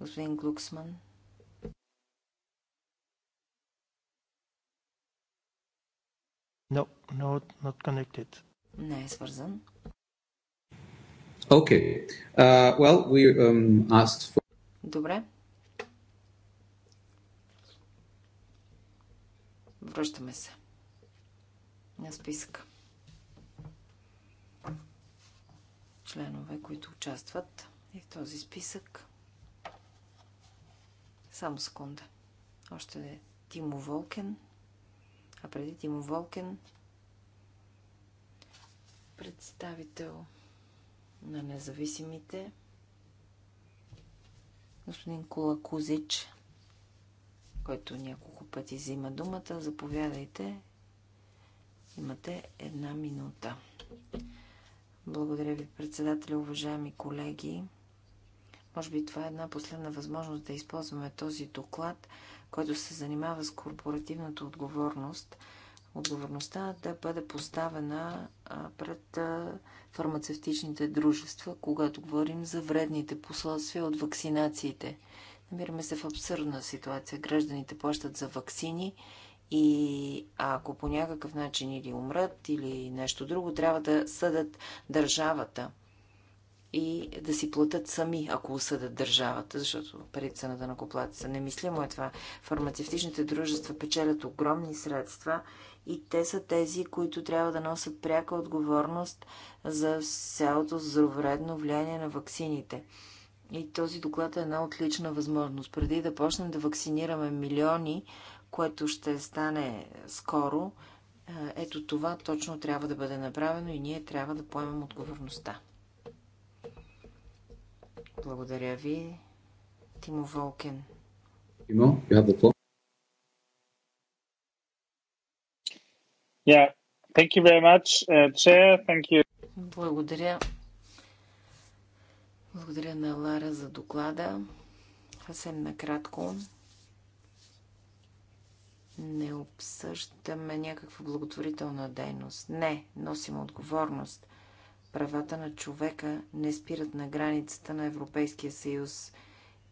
Господин Глюксман. No, no, not connected. Не е свързан. Okay. Uh, well, we um, asked for... Добре. Връщаме се на списъка. Членове, които участват и в този списък. Само секунда. Още е Тимо Волкен а преди Тимо Волкен, представител на независимите, господин Кула Кузич, който няколко пъти взима думата. Заповядайте. Имате една минута. Благодаря ви, председателя, уважаеми колеги. Може би това е една последна възможност да използваме този доклад, който се занимава с корпоративната отговорност, отговорността да бъде поставена пред фармацевтичните дружества, когато говорим за вредните последствия от вакцинациите. Намираме се в абсурдна ситуация. Гражданите плащат за вакцини и ако по някакъв начин или умрат, или нещо друго, трябва да съдат държавата – и да си платят сами, ако осъдят държавата, защото парите са на дънакоплатеца. Немислимо е това. Фармацевтичните дружества печелят огромни средства и те са тези, които трябва да носят пряка отговорност за цялото зловредно влияние на ваксините. И този доклад е една отлична възможност. Преди да почнем да вакцинираме милиони, което ще стане скоро, е, ето това точно трябва да бъде направено и ние трябва да поемем отговорността. Благодаря ви. Тимо Волкен. Тимо, you have the floor. Yeah, thank you very much, uh, Chair. Thank you. Благодаря. Благодаря на Лара за доклада. Съвсем накратко. Не обсъждаме някаква благотворителна дейност. Не, носим отговорност правата на човека не спират на границата на Европейския съюз.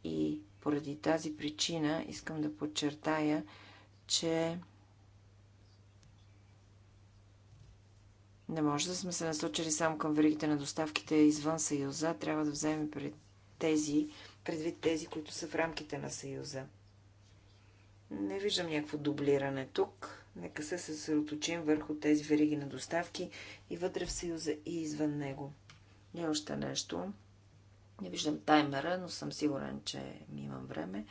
И поради тази причина искам да подчертая, че не може да сме се насочили само към веригите на доставките извън Съюза. Трябва да вземем пред тези, предвид тези, които са в рамките на Съюза. Не виждам някакво дублиране тук. Нека се съсредоточим върху тези вериги на доставки и вътре в Съюза и извън него. И още нещо. Не виждам таймера, но съм сигурен, че ми имам време.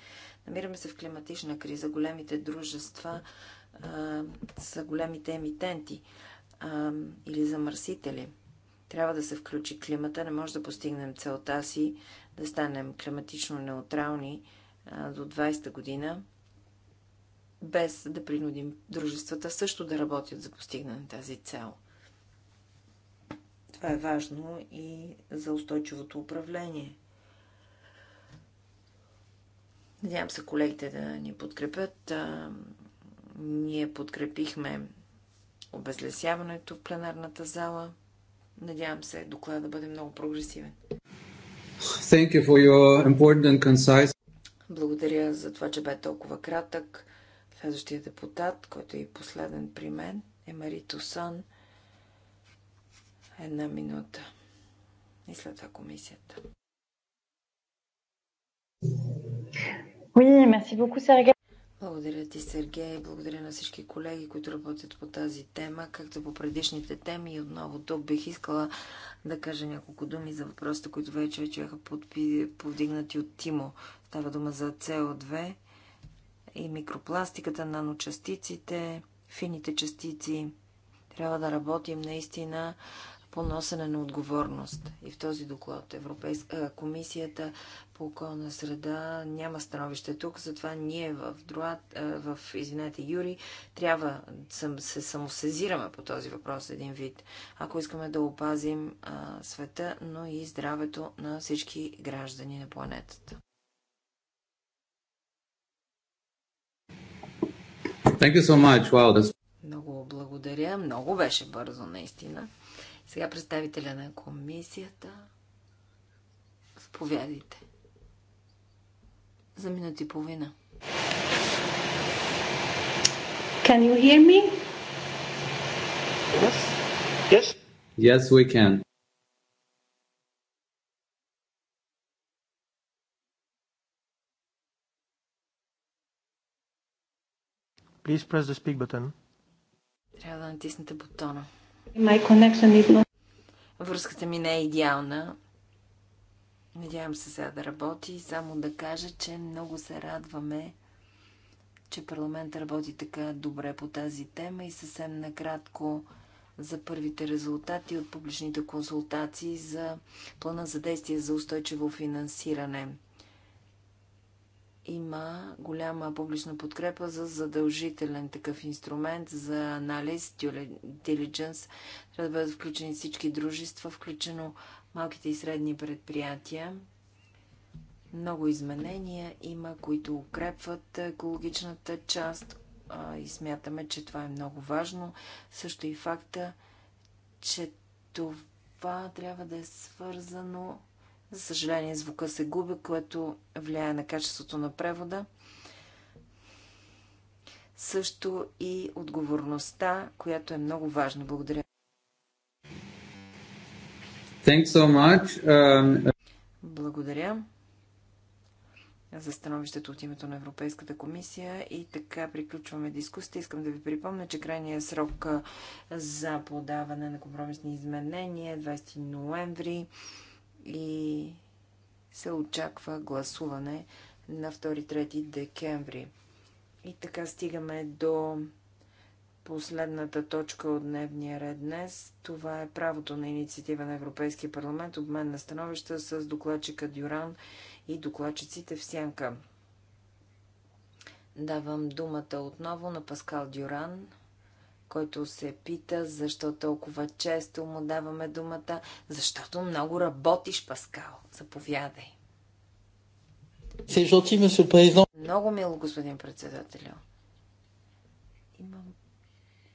Намираме се в климатична криза. Големите дружества а, са големите емитенти а, или замърсители. Трябва да се включи климата. Не може да постигнем целта си да станем климатично неутрални а, до 20-та година без да принудим дружествата също да работят за постигане на тази цел. Това е важно и за устойчивото управление. Надявам се колегите да ни подкрепят. ние подкрепихме обезлесяването в пленарната зала. Надявам се доклада да бъде много прогресивен. Thank you for your important and concise. Благодаря за това, че бе толкова кратък. Следващия депутат, който е и последен при мен, е Марито Сан. Една минута. И след това комисията. Благодаря ти, Сергей. Благодаря на всички колеги, които работят по тази тема, както по предишните теми. И отново тук бих искала да кажа няколко думи за въпросите, които вече, вече бяха повдигнати от Тимо. Става дума за CO2 и микропластиката, наночастиците, фините частици. Трябва да работим наистина по носене на отговорност. И в този доклад Европейска комисията по околна среда няма становище тук, затова ние в, Друат, в извинете, Юри трябва да се самосезираме по този въпрос един вид, ако искаме да опазим а, света, но и здравето на всички граждани на планетата. Thank you so much. Wow, that's... Много благодаря. Много беше бързо, наистина. Сега представителя на комисията. Сповядайте. За минути и половина. Can you hear me? Yes. Yes. Yes, we can. Please press the speak button. Трябва да натиснете бутона. My connection is not... Връзката ми не е идеална. Надявам се сега да работи. Само да кажа, че много се радваме, че парламент работи така добре по тази тема и съвсем накратко за първите резултати от публичните консултации за плана за действие за устойчиво финансиране – има голяма публична подкрепа за задължителен такъв инструмент за анализ, diligence. Трябва да бъдат включени всички дружества, включено малките и средни предприятия. Много изменения има, които укрепват екологичната част и смятаме, че това е много важно. Също и факта, че това трябва да е свързано за съжаление, звука се губи, което влияе на качеството на превода. Също и отговорността, която е много важна. Благодаря. Thanks so much. Um... Благодаря за становището от името на Европейската комисия. И така приключваме дискусията. Искам да ви припомня, че крайният срок за подаване на компромисни изменения е 20 ноември и се очаква гласуване на 2-3 декември. И така стигаме до последната точка от дневния ред днес. Това е правото на инициатива на Европейския парламент, обмен на становища с докладчика Дюран и докладчиците в Сянка. Давам думата отново на Паскал Дюран който се пита защо толкова често му даваме думата, защото много работиш, Паскал. Заповядай. Много мило, господин председателю. Имам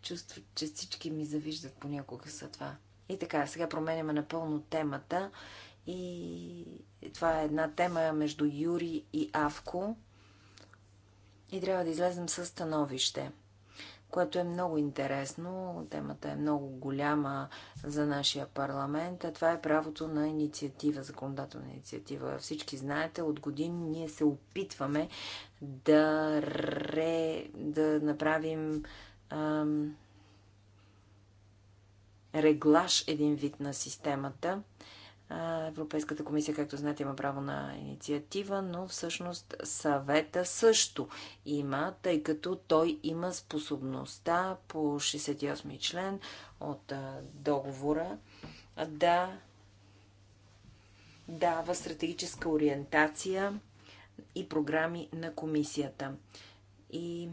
чувство, че всички ми завиждат понякога са това. И така, сега променяме напълно темата. И това е една тема между Юри и Авко. И трябва да излезем със становище което е много интересно. Темата е много голяма за нашия парламент, а това е правото на инициатива, законодателна инициатива. Всички знаете, от години ние се опитваме да, ре, да направим ам, реглаж един вид на системата Европейската комисия, както знаете, има право на инициатива, но всъщност съвета също има, тъй като той има способността по 68 член от договора да дава стратегическа ориентация и програми на комисията. И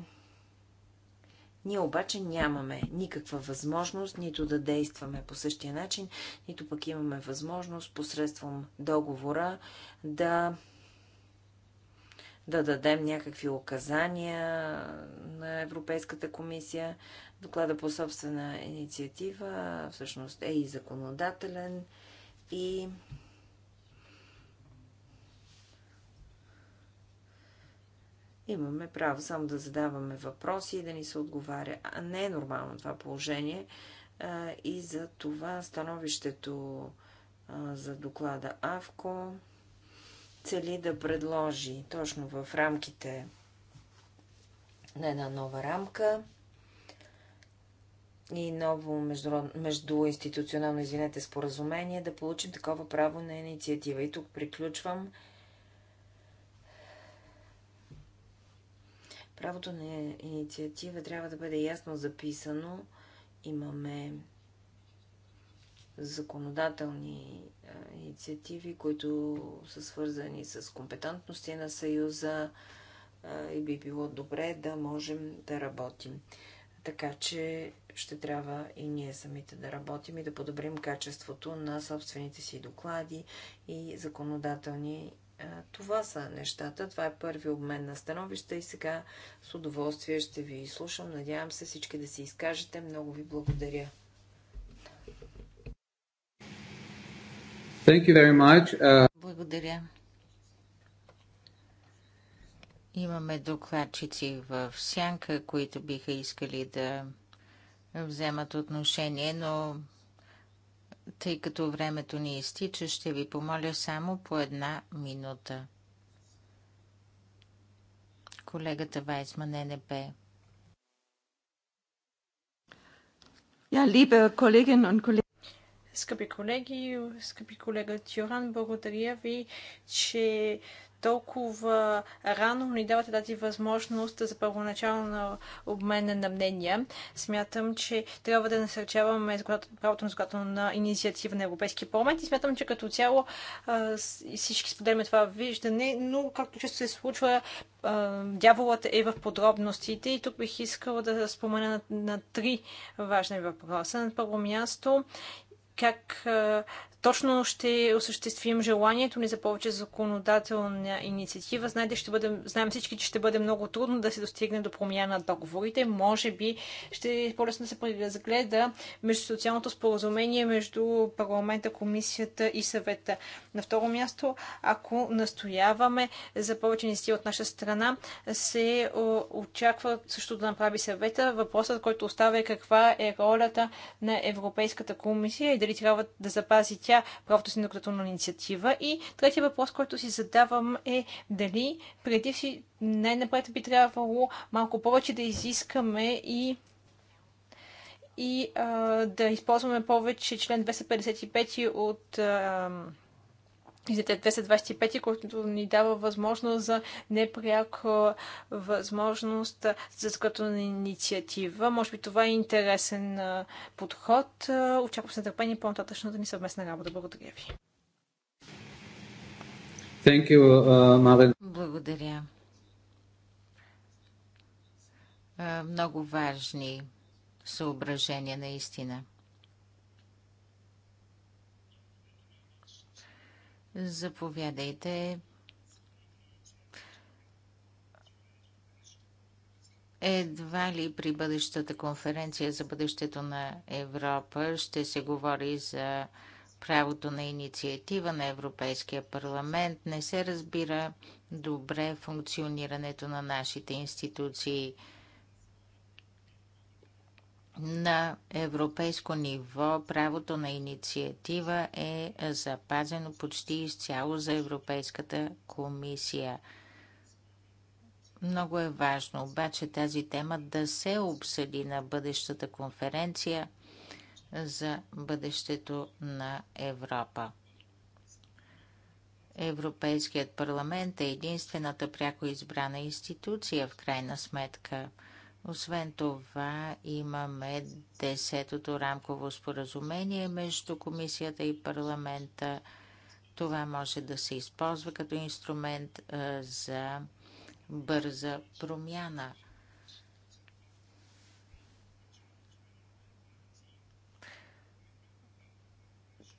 ние обаче нямаме никаква възможност нито да действаме по същия начин, нито пък имаме възможност посредством договора да да дадем някакви указания на Европейската комисия. Доклада по собствена инициатива всъщност е и законодателен и Имаме право само да задаваме въпроси и да ни се отговаря. А не е нормално това положение. И за това становището за доклада АВКО цели да предложи точно в рамките на една нова рамка и ново междуинституционално, извинете, споразумение да получим такова право на инициатива. И тук приключвам Правото на инициатива трябва да бъде ясно записано. Имаме законодателни инициативи, които са свързани с компетентности на Съюза и би било добре да можем да работим. Така че ще трябва и ние самите да работим и да подобрим качеството на собствените си доклади и законодателни това са нещата. Това е първи обмен на становища и сега с удоволствие ще ви слушам. Надявам се всички да се изкажете. Много ви благодаря. Thank you very much. Uh... Благодаря. Имаме докладчици в сянка, които биха искали да вземат отношение, но тъй като времето ни изтича, ще ви помоля само по една минута. Колегата Вайсман, ННП. Я, либе, Kolleginnen und Kollegen. Скъпи колеги, скъпи колега Тюран, благодаря ви, че толкова рано ни давате тази възможност за първоначално обмен на мнения. Смятам, че трябва да насърчаваме правото на на инициатива на Европейския парламент и смятам, че като цяло всички споделяме това виждане, но както често се случва, дяволът е в подробностите и тук бих искала да спомена на, на три важни въпроса. На първо място, как точно ще осъществим желанието ни за повече законодателна инициатива. Знаете, ще бъдем, знаем всички, че ще бъде много трудно да се достигне до промяна на договорите. Може би ще е по-лесно да се преразгледа между социалното споразумение между парламента, комисията и съвета. На второ място, ако настояваме за повече инициатива от наша страна, се очаква също да направи съвета. Въпросът, който остава е каква е ролята на Европейската комисия и дали трябва да запази тя тя правото си на законодателна инициатива. И третия въпрос, който си задавам е дали преди си най-напред би трябвало малко повече да изискаме и и а, да използваме повече член 255 от а, и за 225, който ни дава възможност за непряка възможност за на инициатива. Може би това е интересен подход. Очаквам с нетърпение по нататъчно да ни съвместна работа. Благодаря ви. Thank you, uh, Благодаря. Uh, много важни съображения наистина. Заповядайте. Едва ли при бъдещата конференция за бъдещето на Европа ще се говори за правото на инициатива на Европейския парламент. Не се разбира добре функционирането на нашите институции на европейско ниво правото на инициатива е запазено почти изцяло за Европейската комисия. Много е важно обаче тази тема да се обсъди на бъдещата конференция за бъдещето на Европа. Европейският парламент е единствената пряко избрана институция в крайна сметка – освен това имаме десетото рамково споразумение между комисията и парламента. Това може да се използва като инструмент за бърза промяна.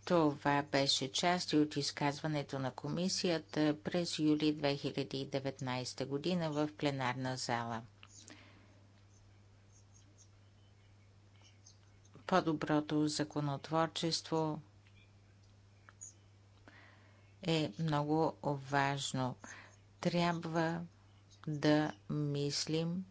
Това беше част и от изказването на комисията през юли 2019 година в пленарна зала. По-доброто законотворчество е много важно. Трябва да мислим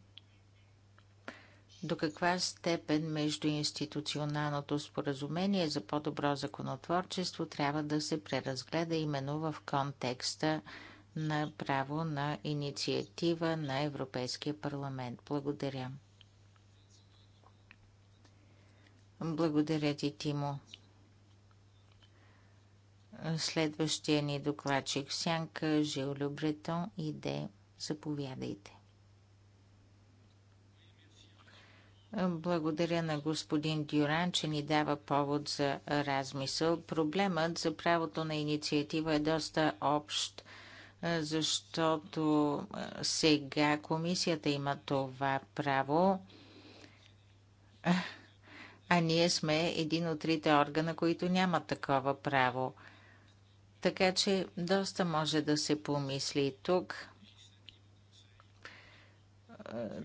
до каква степен между институционалното споразумение за по-добро законотворчество трябва да се преразгледа именно в контекста на право на инициатива на Европейския парламент. Благодаря. Благодаря ти, Тимо. Следващия ни докладчик Сянка, Жил Любретон, иде. Заповядайте. Благодаря на господин Дюран, че ни дава повод за размисъл. Проблемът за правото на инициатива е доста общ, защото сега комисията има това право а ние сме един от трите органа, които нямат такова право. Така че доста може да се помисли и тук.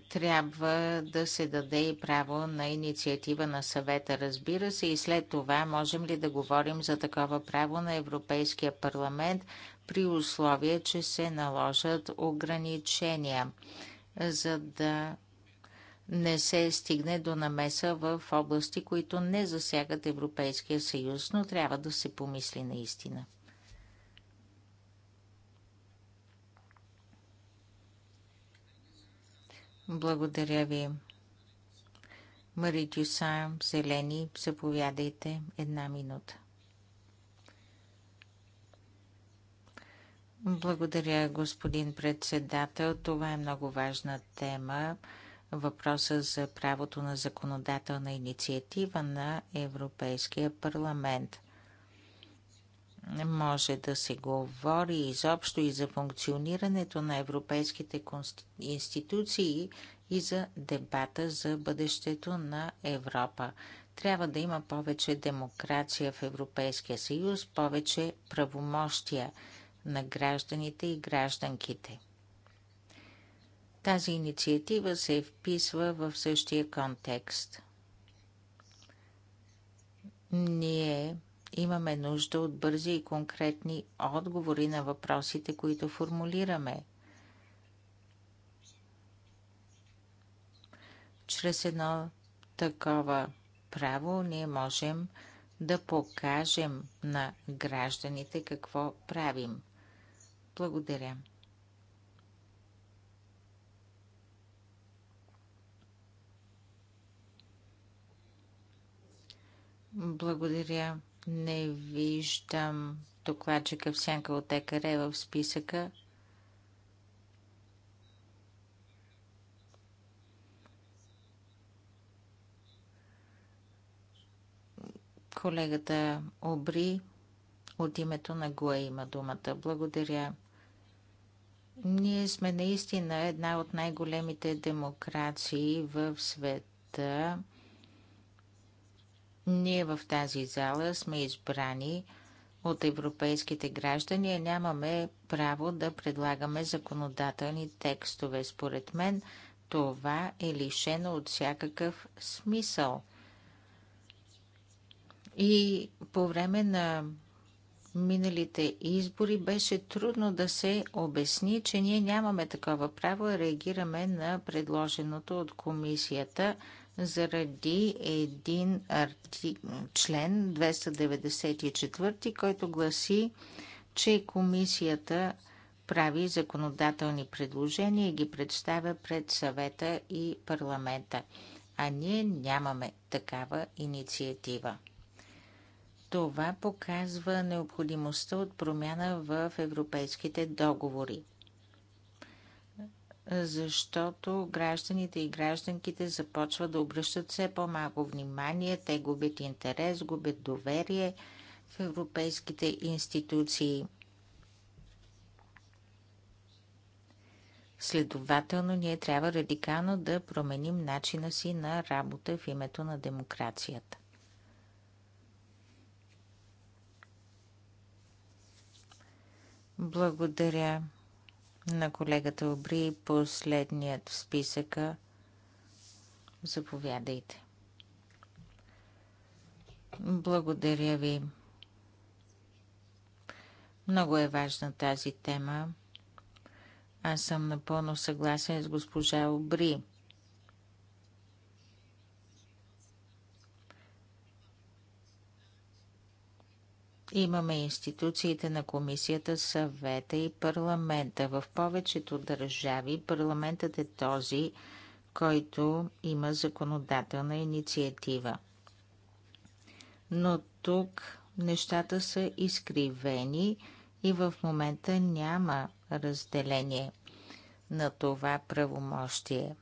Трябва да се даде и право на инициатива на съвета, разбира се, и след това можем ли да говорим за такова право на Европейския парламент при условие, че се наложат ограничения, за да не се стигне до намеса в области, които не засягат Европейския съюз, но трябва да се помисли наистина. Благодаря ви. Мари Дюса, Зелени, заповядайте една минута. Благодаря, господин председател. Това е много важна тема въпроса за правото на законодателна инициатива на Европейския парламент. Може да се говори изобщо и за функционирането на европейските институции и за дебата за бъдещето на Европа. Трябва да има повече демокрация в Европейския съюз, повече правомощия на гражданите и гражданките. Тази инициатива се вписва в същия контекст. Ние имаме нужда от бързи и конкретни отговори на въпросите, които формулираме. Чрез едно такова право ние можем да покажем на гражданите какво правим. Благодаря. Благодаря. Не виждам докладчика в сянка от ЕКР е в списъка. Колегата Обри от името на Гуа има думата. Благодаря. Ние сме наистина една от най-големите демокрации в света. Ние в тази зала сме избрани от европейските граждани, и нямаме право да предлагаме законодателни текстове. Според мен това е лишено от всякакъв смисъл. И по време на миналите избори беше трудно да се обясни, че ние нямаме такова право и реагираме на предложеното от комисията заради един член 294, който гласи, че комисията прави законодателни предложения и ги представя пред съвета и парламента. А ние нямаме такава инициатива. Това показва необходимостта от промяна в европейските договори защото гражданите и гражданките започват да обръщат все по-малко внимание, те губят интерес, губят доверие в европейските институции. Следователно, ние трябва радикално да променим начина си на работа в името на демокрацията. Благодаря на колегата Обри, последният в списъка. Заповядайте. Благодаря ви. Много е важна тази тема. Аз съм напълно съгласен с госпожа Обри. Имаме институциите на комисията, съвета и парламента. В повечето държави парламентът е този, който има законодателна инициатива. Но тук нещата са изкривени и в момента няма разделение на това правомощие.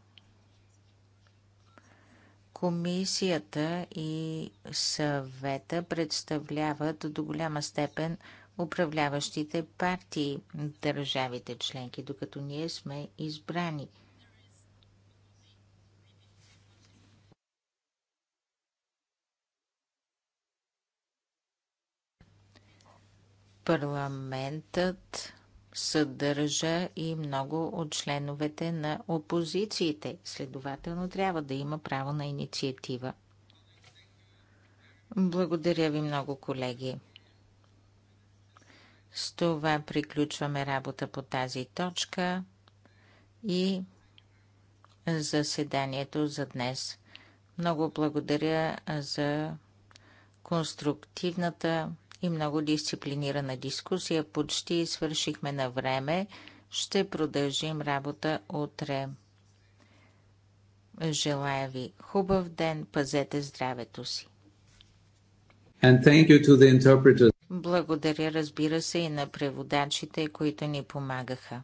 Комисията и съвета представляват до голяма степен управляващите партии държавите членки, докато ние сме избрани. Парламентът съдържа и много от членовете на опозициите. Следователно трябва да има право на инициатива. Благодаря ви много, колеги. С това приключваме работа по тази точка и заседанието за днес. Много благодаря за конструктивната и много дисциплинирана дискусия. Почти свършихме на време. Ще продължим работа утре. Желая ви хубав ден, пазете здравето си. And thank you to the Благодаря, разбира се, и на преводачите, които ни помагаха.